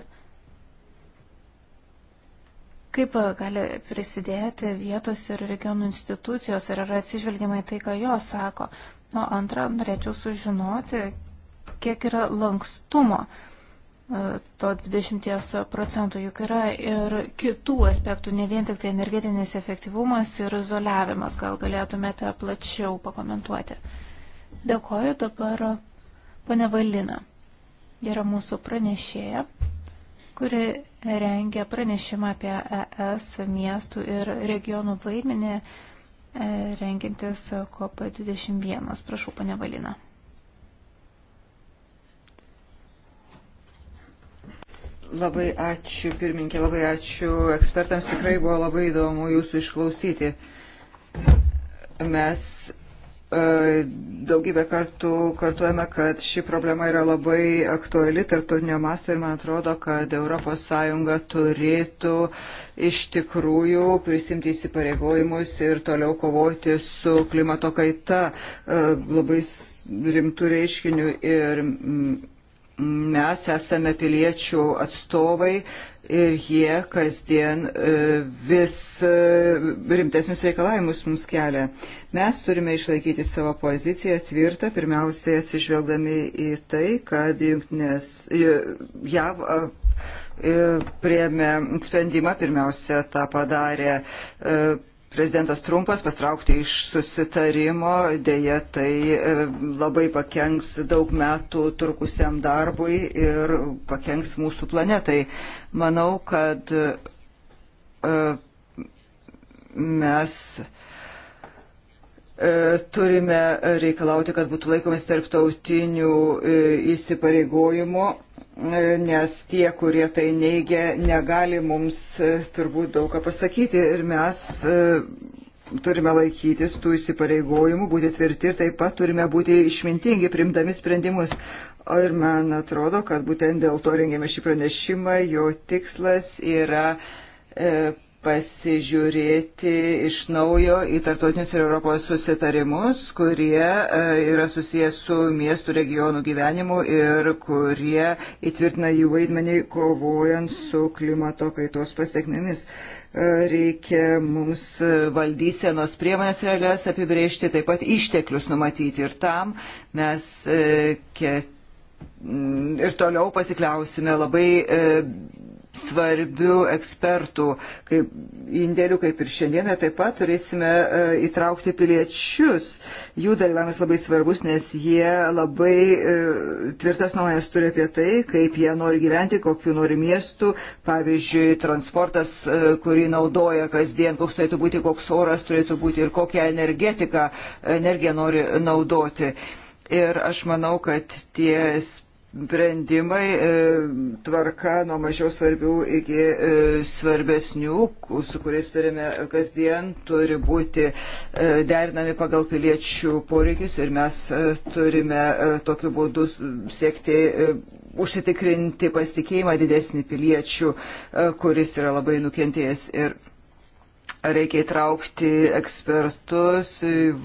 kaip e, gali prisidėti vietos ir regionų institucijos ir yra atsižvelgiama į tai, ką jos sako. O antra, norėčiau sužinoti, kiek yra lankstumo E, to 20 procentų, juk yra ir kitų aspektų, ne vien tik tai energetinis efektyvumas ir izoliavimas. Gal galėtumėte plačiau pakomentuoti. Dėkoju dabar pane Valina. Yra mūsų pranešėja, kuri rengia pranešimą apie ES miestų ir regionų vaidmenį e, rengintis COP21. Prašau, pane Valina. Labai ačiū, pirminkė, labai ačiū ekspertams. Tikrai buvo labai įdomu jūsų išklausyti. Mes e, daugybę kartų kartuojame, kad ši problema yra labai aktuali tarptautinio masto ir man atrodo, kad ES turėtų iš tikrųjų prisimti įsipareigojimus ir toliau kovoti su klimato kaita e, labai rimtų reiškinių ir mes esame piliečių atstovai ir jie kasdien e, vis e, rimtesnius reikalavimus mums kelia. Mes turime išlaikyti savo poziciją tvirtą, pirmiausiai atsižvelgdami į tai, kad jungtinės e, JAV priemė sprendimą, pirmiausia, tą padarė prezidentas Trumpas pastraukti iš susitarimo, dėja tai e, labai pakenks daug metų trukusiam darbui ir pakenks mūsų planetai. Manau, kad e, mes e, turime reikalauti, kad būtų laikomis tarptautinių įsipareigojimų nes tie, kurie tai neigia, negali mums e, turbūt daug ką pasakyti ir mes e, turime laikytis tų įsipareigojimų, būti tvirti ir taip pat turime būti išmintingi primdami sprendimus. O ir man atrodo, kad būtent dėl to rengėme šį pranešimą, jo tikslas yra e, pasižiūrėti iš naujo į tarptautinius ir Europos susitarimus, kurie e, yra susijęs su miestų regionų gyvenimu ir kurie įtvirtina jų vaidmenį kovojant su klimato kaitos pasiekmėmis. E, reikia mums valdysenos priemonės realias apibriežti, taip pat išteklius numatyti ir tam mes e, ketiname ir toliau pasikliausime labai svarbių ekspertų kaip indėlių, kaip ir šiandieną, taip pat turėsime e, įtraukti piliečius. Jų dalyvavimas labai svarbus, nes jie labai e, tvirtas nuomonės turi apie tai, kaip jie nori gyventi, kokiu nori miestų, pavyzdžiui, transportas, e, kurį naudoja kasdien, koks turėtų būti, koks oras turėtų būti ir kokią energetiką, energiją nori naudoti. Ir aš manau, kad tie sprendimai e, tvarka nuo mažiau svarbių iki e, svarbesnių, su kuriais turime kasdien, turi būti e, derinami pagal piliečių poreikius ir mes turime tokiu būdu siekti užsitikrinti pasitikėjimą didesnį piliečių, kuris yra labai nukentėjęs ir Reikia įtraukti ekspertus,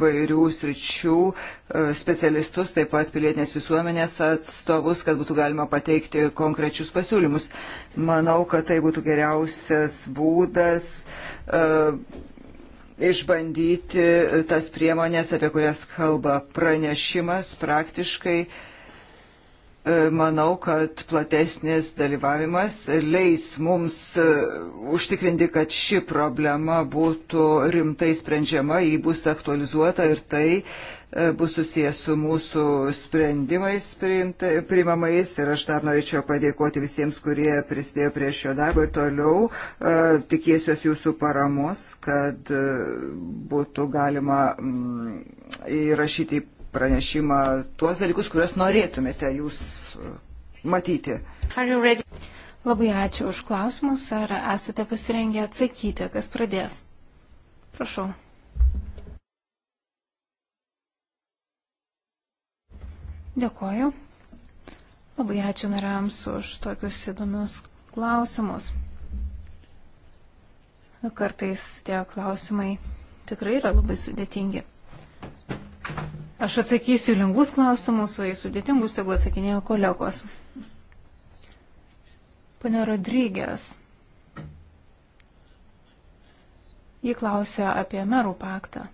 vairių sričių, e, specialistus, taip pat pilietinės visuomenės atstovus, kad būtų galima pateikti konkrečius pasiūlymus. Manau, kad tai būtų geriausias būdas e, išbandyti tas priemonės, apie kurias kalba pranešimas praktiškai E, manau, kad platesnis dalyvavimas leis mums e, užtikrinti, kad ši problema būtų rimtai sprendžiama, jį bus aktualizuota ir tai e, bus susijęs su mūsų sprendimais priimamais ir aš dar norėčiau padėkoti visiems, kurie prisidėjo prie šio darbo ir toliau tikėsiuos jūsų paramos, kad būtų galima įrašyti pranešimą tuos dalykus, kuriuos norėtumėte jūs e, matyti. Labai ačiū už klausimus. Ar esate pasirengę atsakyti, kas pradės? Prašau. Dėkoju. Labai ačiū nariams už tokius įdomius klausimus. Kartais tie klausimai tikrai yra labai sudėtingi. Aš atsakysiu lengvus klausimus, o į sudėtingus tegu atsakinėjo kolegos. Pane Rodrygės, jį klausė apie merų paktą.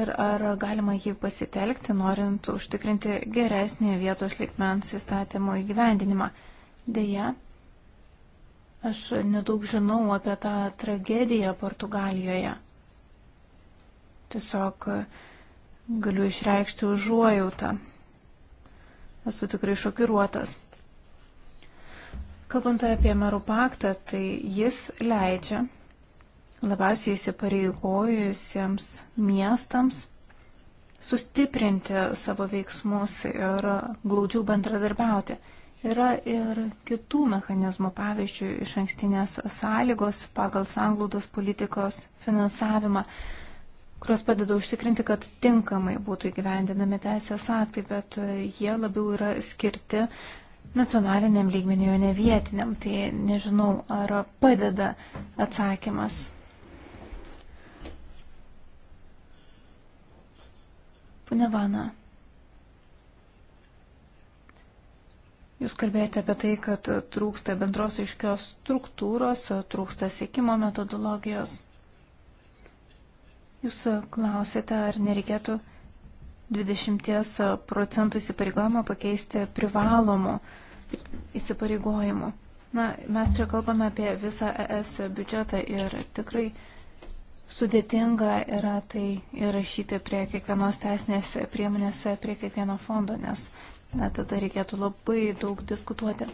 Ir ar galima jį pasitelkti, norint užtikrinti geresnį vietos likmens įstatymo įgyvendinimą. Deja, aš nedaug žinau apie tą tragediją Portugalijoje. Tiesiog galiu išreikšti užuojautą. Esu tikrai šokiruotas. Kalbant apie merų paktą, tai jis leidžia labiausiai įsipareigojusiems miestams sustiprinti savo veiksmus ir glaudžiau bendradarbiauti. Yra ir kitų mechanizmų, pavyzdžiui, iš ankstinės sąlygos pagal sanglaudos politikos finansavimą kurios padeda užtikrinti, kad tinkamai būtų įgyvendinami teisės aktai, bet e, jie labiau yra skirti nacionaliniam lygmeniu, o ne vietiniam. Tai nežinau, ar padeda atsakymas. Pane Vana, jūs kalbėjote apie tai, kad trūksta bendros aiškios struktūros, trūksta sėkimo metodologijos. Jūs e, klausėte, ar nereikėtų 20 e, procentų įsipareigojimo pakeisti privalomu įsipareigojimu. Na, mes čia kalbame apie visą ES biudžetą ir tikrai sudėtinga yra tai įrašyti prie kiekvienos teisinės priemonės, prie kiekvieno fondo, nes na, tada reikėtų labai daug diskutuoti.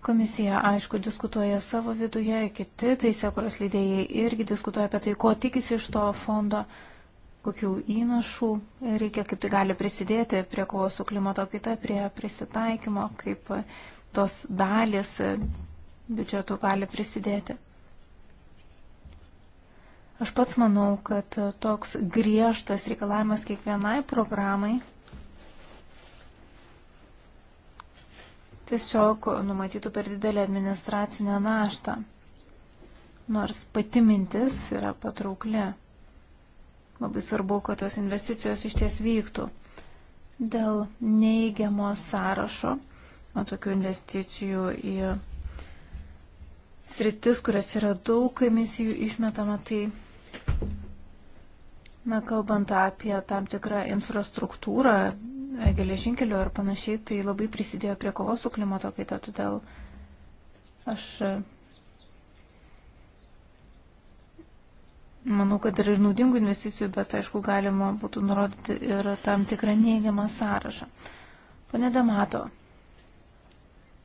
Komisija, aišku, diskutuoja savo viduje, kiti teisėkuros lydėjai irgi diskutuoja apie tai, ko tikisi iš to fondo, kokių įnašų reikia, kaip tai gali prisidėti prie kovos su klimato kaita, prie prisitaikymo, kaip tos dalis biudžetų gali prisidėti. Aš pats manau, kad toks griežtas reikalavimas kiekvienai programai tiesiog numatytų per didelį administracinę naštą. Nors pati mintis yra patraukli. Labai svarbu, kad tos investicijos iš ties vyktų. Dėl neįgiamo sąrašo, o tokių investicijų į sritis, kurios yra daug emisijų išmetama, tai, na, kalbant apie tam tikrą infrastruktūrą, E, geležinkelių ir panašiai, tai labai prisidėjo prie kovos su klimato kaita, todėl aš e, Manau, kad yra ir naudingų investicijų, bet aišku, galima būtų nurodyti ir tam tikrą neigiamą sąrašą. Pane Damato,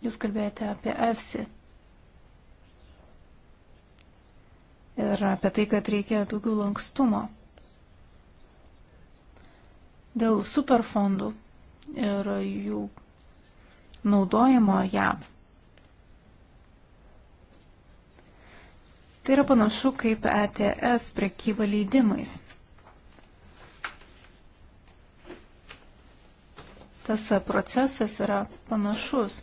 jūs kalbėjote apie EFSI ir apie tai, kad reikia daugiau lankstumo. Dėl superfondų ir jų naudojimo JAV. Tai yra panašu kaip ETS prekyba leidimais. Tas procesas yra panašus,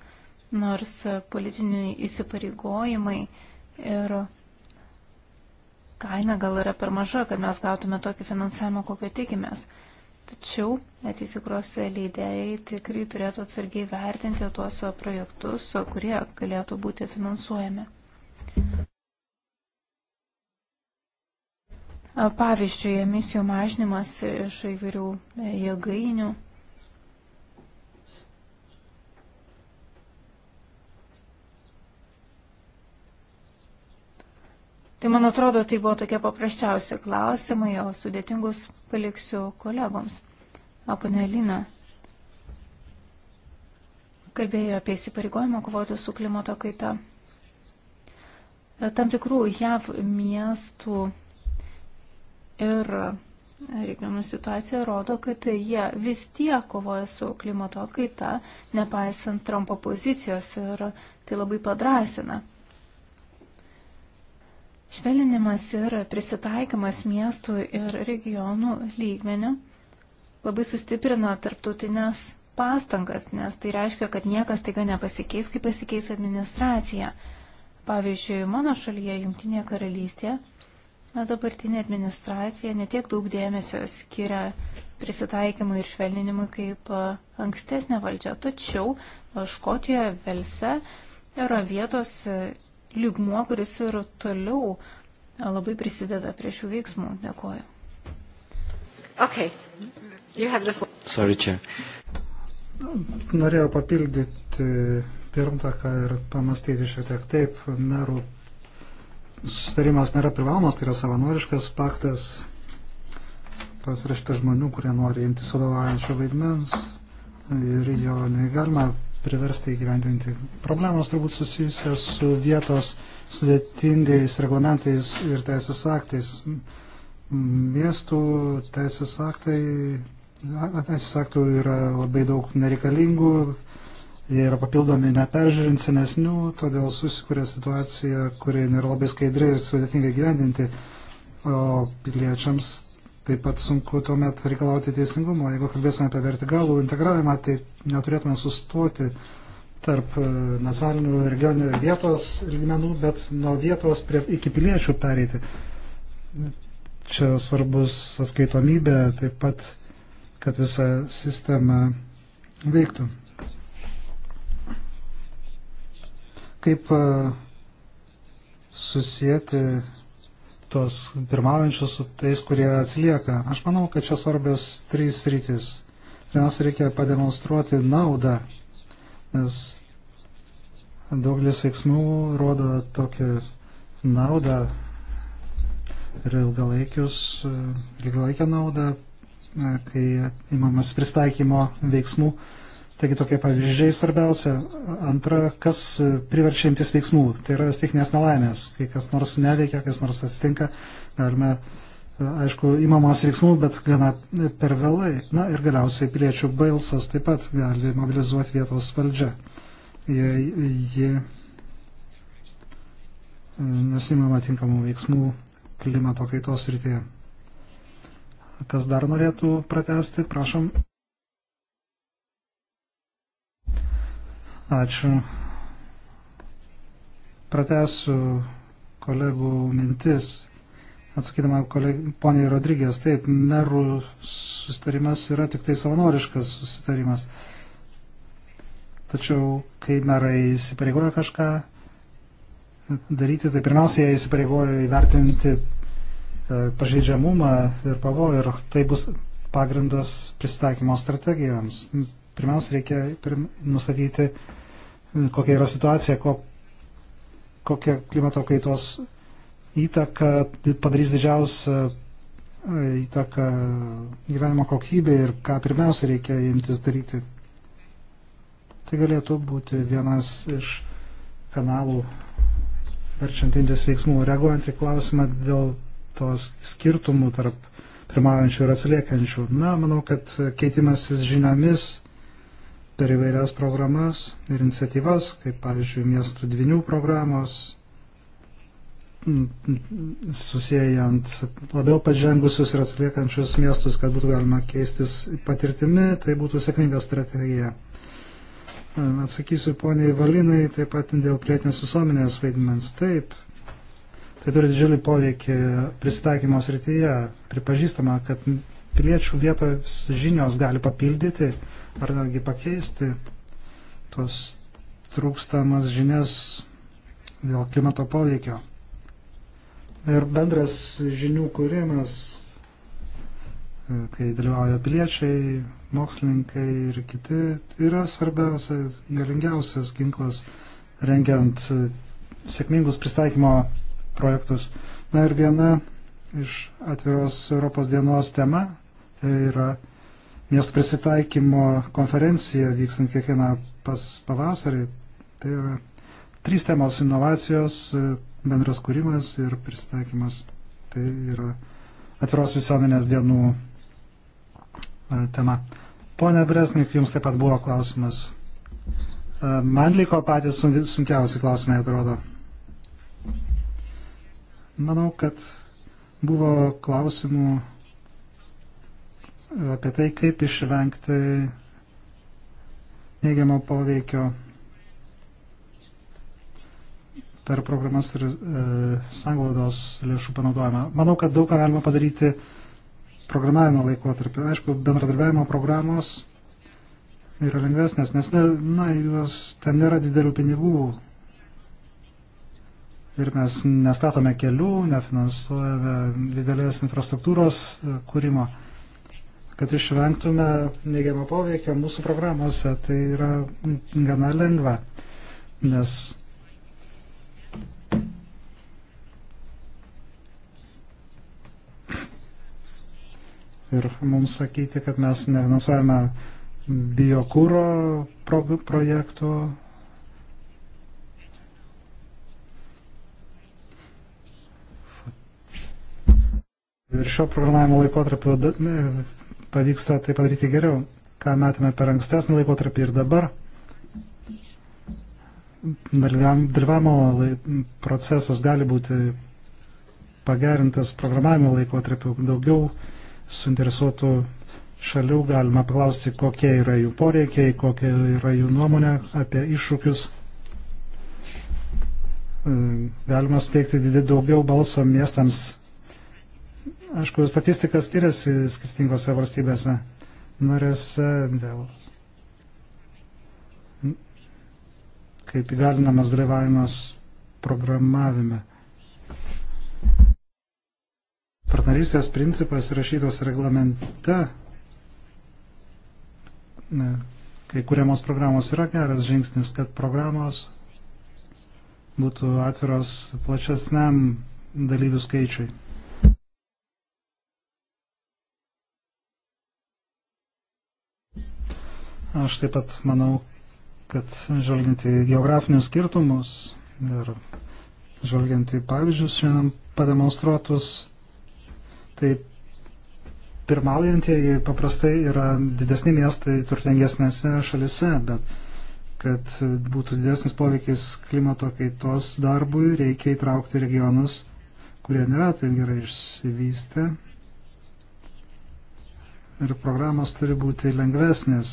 nors politiniai įsipareigojimai ir kaina gal yra per maža, kad mes gautume tokį finansavimą, kokio tikimės. Tačiau neteisėkros leidėjai tikrai turėtų atsargiai vertinti tuos projektus, kurie galėtų būti finansuojami. Pavyzdžiui, emisijų mažinimas iš įvairių jėgainių Tai man atrodo, tai buvo tokie paprasčiausi klausimai, o sudėtingus paliksiu kolegoms. Apanelina kalbėjo apie įsipareigojimą kovoti su klimato kaita. Tam tikrų JAV miestų ir regionų situacija rodo, kad jie vis tiek kovoja su klimato kaita, nepaisant Trumpo pozicijos ir tai labai padrasina. Švelninimas ir prisitaikymas miestų ir regionų lygmenį labai sustiprina tarptautinės pastangas, nes tai reiškia, kad niekas taiga nepasikeis, kai pasikeis administracija. Pavyzdžiui, mano šalyje, Junktinėje karalystėje, dabartinė administracija netiek daug dėmesio skiria prisitaikymui ir švelninimui kaip ankstesnė valdžia. Tačiau Škotijoje, Velse yra vietos lygmuo, kuris ir toliau e, labai prisideda prie šių veiksmų. Dėkuoju. Okay. Sorry, čia. Norėjau papildyti pirmtaką ir pamastyti šiek tiek taip. Merų sustarimas nėra privalomas, tai yra savanoriškas paktas pasirašytas žmonių, kurie nori imtis vadovaujančio vaidmens ir jo negalima priversti įgyvendinti. Problemos turbūt susijusios su vietos sudėtingais reglamentais ir teisės aktais. Miestų teisės aktai, teisės aktų yra labai daug nereikalingų, jie yra papildomi neperžiūrint senesnių, todėl susikuria situacija, kuri nėra labai skaidri ir sudėtinga gyvendinti, o piliečiams taip pat sunku tuomet reikalauti teisingumo. Jeigu kalbėsime apie vertikalų integravimą, tai neturėtume sustoti tarp e, nacionalinių, regioninių ir vietos lygmenų, bet nuo vietos prie, iki piliečių pereiti. Čia svarbus atskaitomybė, taip pat, kad visa sistema veiktų. Kaip e, susijęti tuos pirmaujančius su tais, kurie atsilieka. Aš manau, kad čia svarbios trys rytis. Pirmiausia, reikia pademonstruoti naudą, nes daugelis veiksmų rodo tokią naudą ir ilgalaikę naudą, kai imamas pristaikymo veiksmų. Taigi tokie pavyzdžiai svarbiausia. Antra, kas priverčia imtis veiksmų. Tai yra stiknės nelaimės. Kai kas nors neveikia, kas nors atsitinka, galime, aišku, įmamas veiksmų, bet gana per vėlai. Na ir galiausiai piliečių bailsas taip pat gali mobilizuoti vietos valdžią. Jie, jie nesimama tinkamų veiksmų klimato kaitos rytėje. Kas dar norėtų pratesti, prašom. Ačiū. Pratesiu kolegų mintis. Atsakydama poniai Rodrygės, taip, merų susitarimas yra tik tai savanoriškas susitarimas. Tačiau, kai merai įsipareigoja kažką daryti, tai pirmiausia, jie įsipareigoja įvertinti e, pažeidžiamumą ir pavojų ir tai bus pagrindas pristaikymo strategijoms. Pirmiausia, reikia nustatyti Mm, kokia yra situacija, ko, kokia klimato kaitos įtaka padarys didžiausią e, įtaką gyvenimo kokybė ir ką pirmiausia reikia imtis daryti. Tai galėtų būti vienas iš kanalų verčiant indės veiksmų. Reaguojant į klausimą dėl tos skirtumų tarp pirmaujančių ir atsiliekančių. Na, manau, kad keitimasis žiniomis per įvairias programas ir iniciatyvas, kaip pavyzdžiui, miestų dvinių programos, susijęjant labiau pažengusius ir atsiliekančius miestus, kad būtų galima keistis patirtimi, tai būtų sėkminga strategija. Atsakysiu poniai Valinai, taip pat dėl prietinės visuomenės vaidmens. Taip, tai turi didžiulį poveikį pristaikymo srityje. Pripažįstama, kad piliečių vietos žinios gali papildyti ar netgi pakeisti tos trūkstamas žinias dėl klimato poveikio. Ir bendras žinių kūrimas, e, kai dalyvauja piliečiai, mokslininkai ir kiti, yra svarbiausias, galingiausias ginklas rengiant e, sėkmingus pristaikymo projektus. Na ir viena iš atviros Europos dienos tema tai yra miestų prisitaikymo konferencija vykstant kiekvieną pas pavasarį. Tai yra trys temos - inovacijos, bendras kūrimas ir prisitaikymas. Tai yra atviros visuomenės dienų tema. Pone Bresnik, jums taip pat buvo klausimas. Man liko patys sunkiausi klausimai, atrodo. Manau, kad buvo klausimų apie tai, kaip išvengti neigiamo poveikio per programas ir e, sanglaudos lėšų panaudojimą. Manau, kad daug ką galima padaryti programavimo laikotarpiu. Aišku, bendradarbiavimo programos yra lengvesnės, nes ne, na, jos, ten nėra didelių pinigų. Ir mes nestatome kelių, nefinansuojame didelės infrastruktūros e, kūrimo. E, kad išvengtume neigiamą poveikio mūsų programuose, tai yra gana lengva, nes ir mums sakyti, kad mes nefinansuojame biokūro pro projektų. Ir šio programavimo laikotarpio pavyksta tai padaryti geriau, ką matėme per ankstesnį laikotarpį ir dabar. Dalyvavimo procesas gali būti pagerintas programavimo laikotarpiu. Daugiau suinteresuotų šalių galima paklausti, kokie yra jų poreikiai, kokia yra jų nuomonė apie iššūkius. E, galima suteikti daugiau balso miestams Aišku, statistika skiriasi skirtingose valstybėse narėse dėl kaip įgalinamas dalyvavimas programavime. Partnerystės principas rašytas reglamente, kai kuriamos programos yra geras žingsnis, kad programos būtų atviros plačesniam dalyvių skaičiui. Aš taip pat manau, kad žvelgiant į geografinius skirtumus ir žvelgiant į pavyzdžius šiandien pademonstruotus, tai pirmaujantieji paprastai yra didesni miestai turtingesnėse šalise, bet kad būtų didesnis poveikis klimato kaitos darbui, reikia įtraukti regionus, kurie nėra taip gerai išsivystę ir programos turi būti lengvesnės,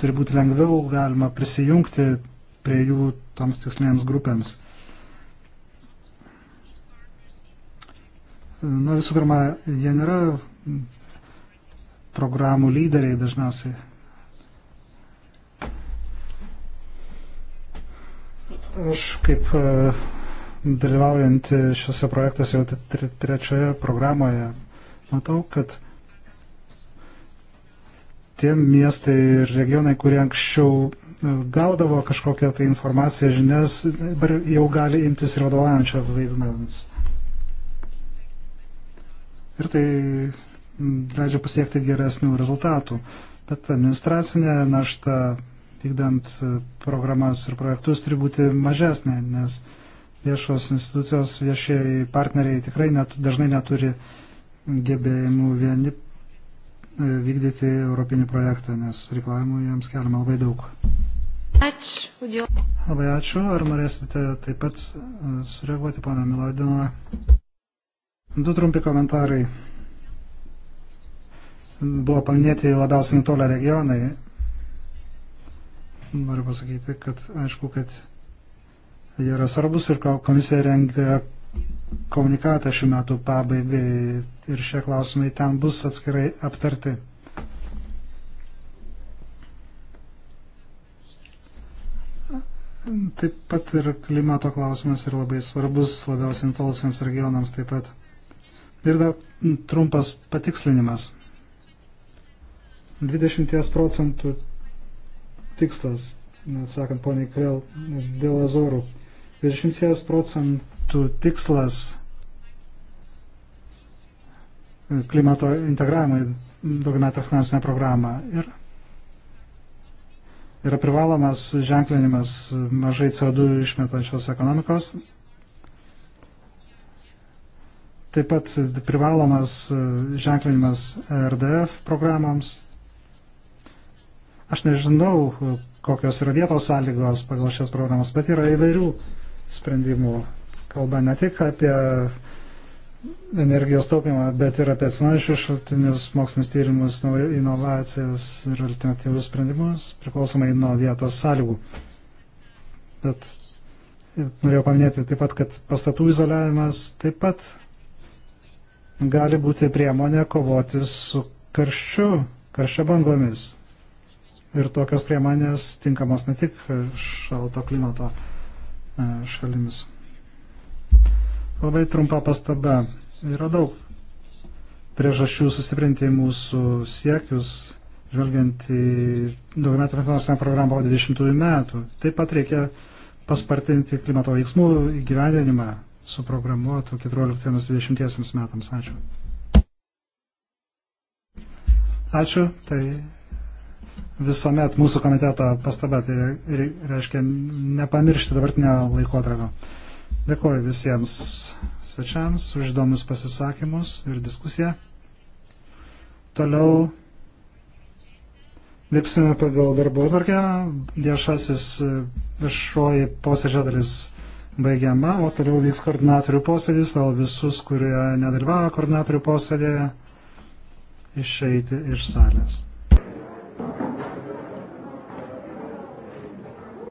turi būti lengviau galima prisijungti prie jų toms tikslinėms grupėms. Na visų pirma, jie nėra programų lyderiai dažniausiai. Aš kaip e, dalyvaujant šiuose projektuose jau trečioje programoje matau, kad tie miestai ir regionai, kurie anksčiau e, gaudavo kažkokią tai informaciją, žinias, dabar jau gali imtis ir vadovaujančio vaidmens. Ir tai leidžia pasiekti geresnių rezultatų. Bet administracinė našta vykdant e, programas ir projektus turi būti mažesnė, nes viešos institucijos, viešieji partneriai tikrai net, dažnai neturi gebėjimų vieni vykdyti europinį projektą, nes reikalavimų jiems keliama labai daug. Ačiū. Labai ačiū. Ar norėsite taip pat e, sureaguoti, pana Miladinovą? Du trumpi komentarai. Buvo paminėti labiausiai nutolę regionai. Noriu pasakyti, kad aišku, kad jie yra svarbus ir komisija rengia komunikatą šių metų pabaigai ir šie klausimai ten bus atskirai aptarti. Taip pat ir klimato klausimas yra labai svarbus labiausiai nutolusiams regionams taip pat. Ir dar trumpas patikslinimas. 20 procentų tikslas, sakant, poniai Krell, dėl azorų. 20 procentų metų tikslas klimato integravimą į daugiametę finansinę programą. Ir yra privalomas ženklinimas mažai CO2 išmetančios ekonomikos. Taip pat privalomas ženklinimas RDF programams. Aš nežinau, kokios yra vietos sąlygos pagal šias programas, bet yra įvairių sprendimų kalba ne tik apie energijos taupimą, bet ir apie atsinaujančius šaltinius, mokslinius tyrimus, inovacijas ir alternatyvius sprendimus, priklausomai nuo vietos sąlygų. Bet norėjau paminėti taip pat, kad pastatų izoliavimas taip pat gali būti priemonė kovoti su karščiu, karščia bangomis. Ir tokios priemonės tinkamos ne tik šalto klimato e, šalimis. Labai trumpa pastaba. Yra daug priežasčių sustiprinti mūsų siekius, žvelgiant į daugiametę finansinę programą po 20 metų. Taip pat reikia paspartinti klimato veiksmų įgyvendinimą su programuotų 14-20 metams. Ačiū. Ačiū. Tai visuomet mūsų komiteto pastaba, tai reiškia nepamiršti dabartinio laikotarpio. Dėkuoju visiems svečiams už įdomius pasisakymus ir diskusiją. Toliau dirbsime pagal darbo atvarkę. Viešasis viešoji posėdžio dalis baigiama, o toliau vyks koordinatorių posėdis, o visus, kurie nedalyvavo koordinatorių posėdėje, išeiti iš salės.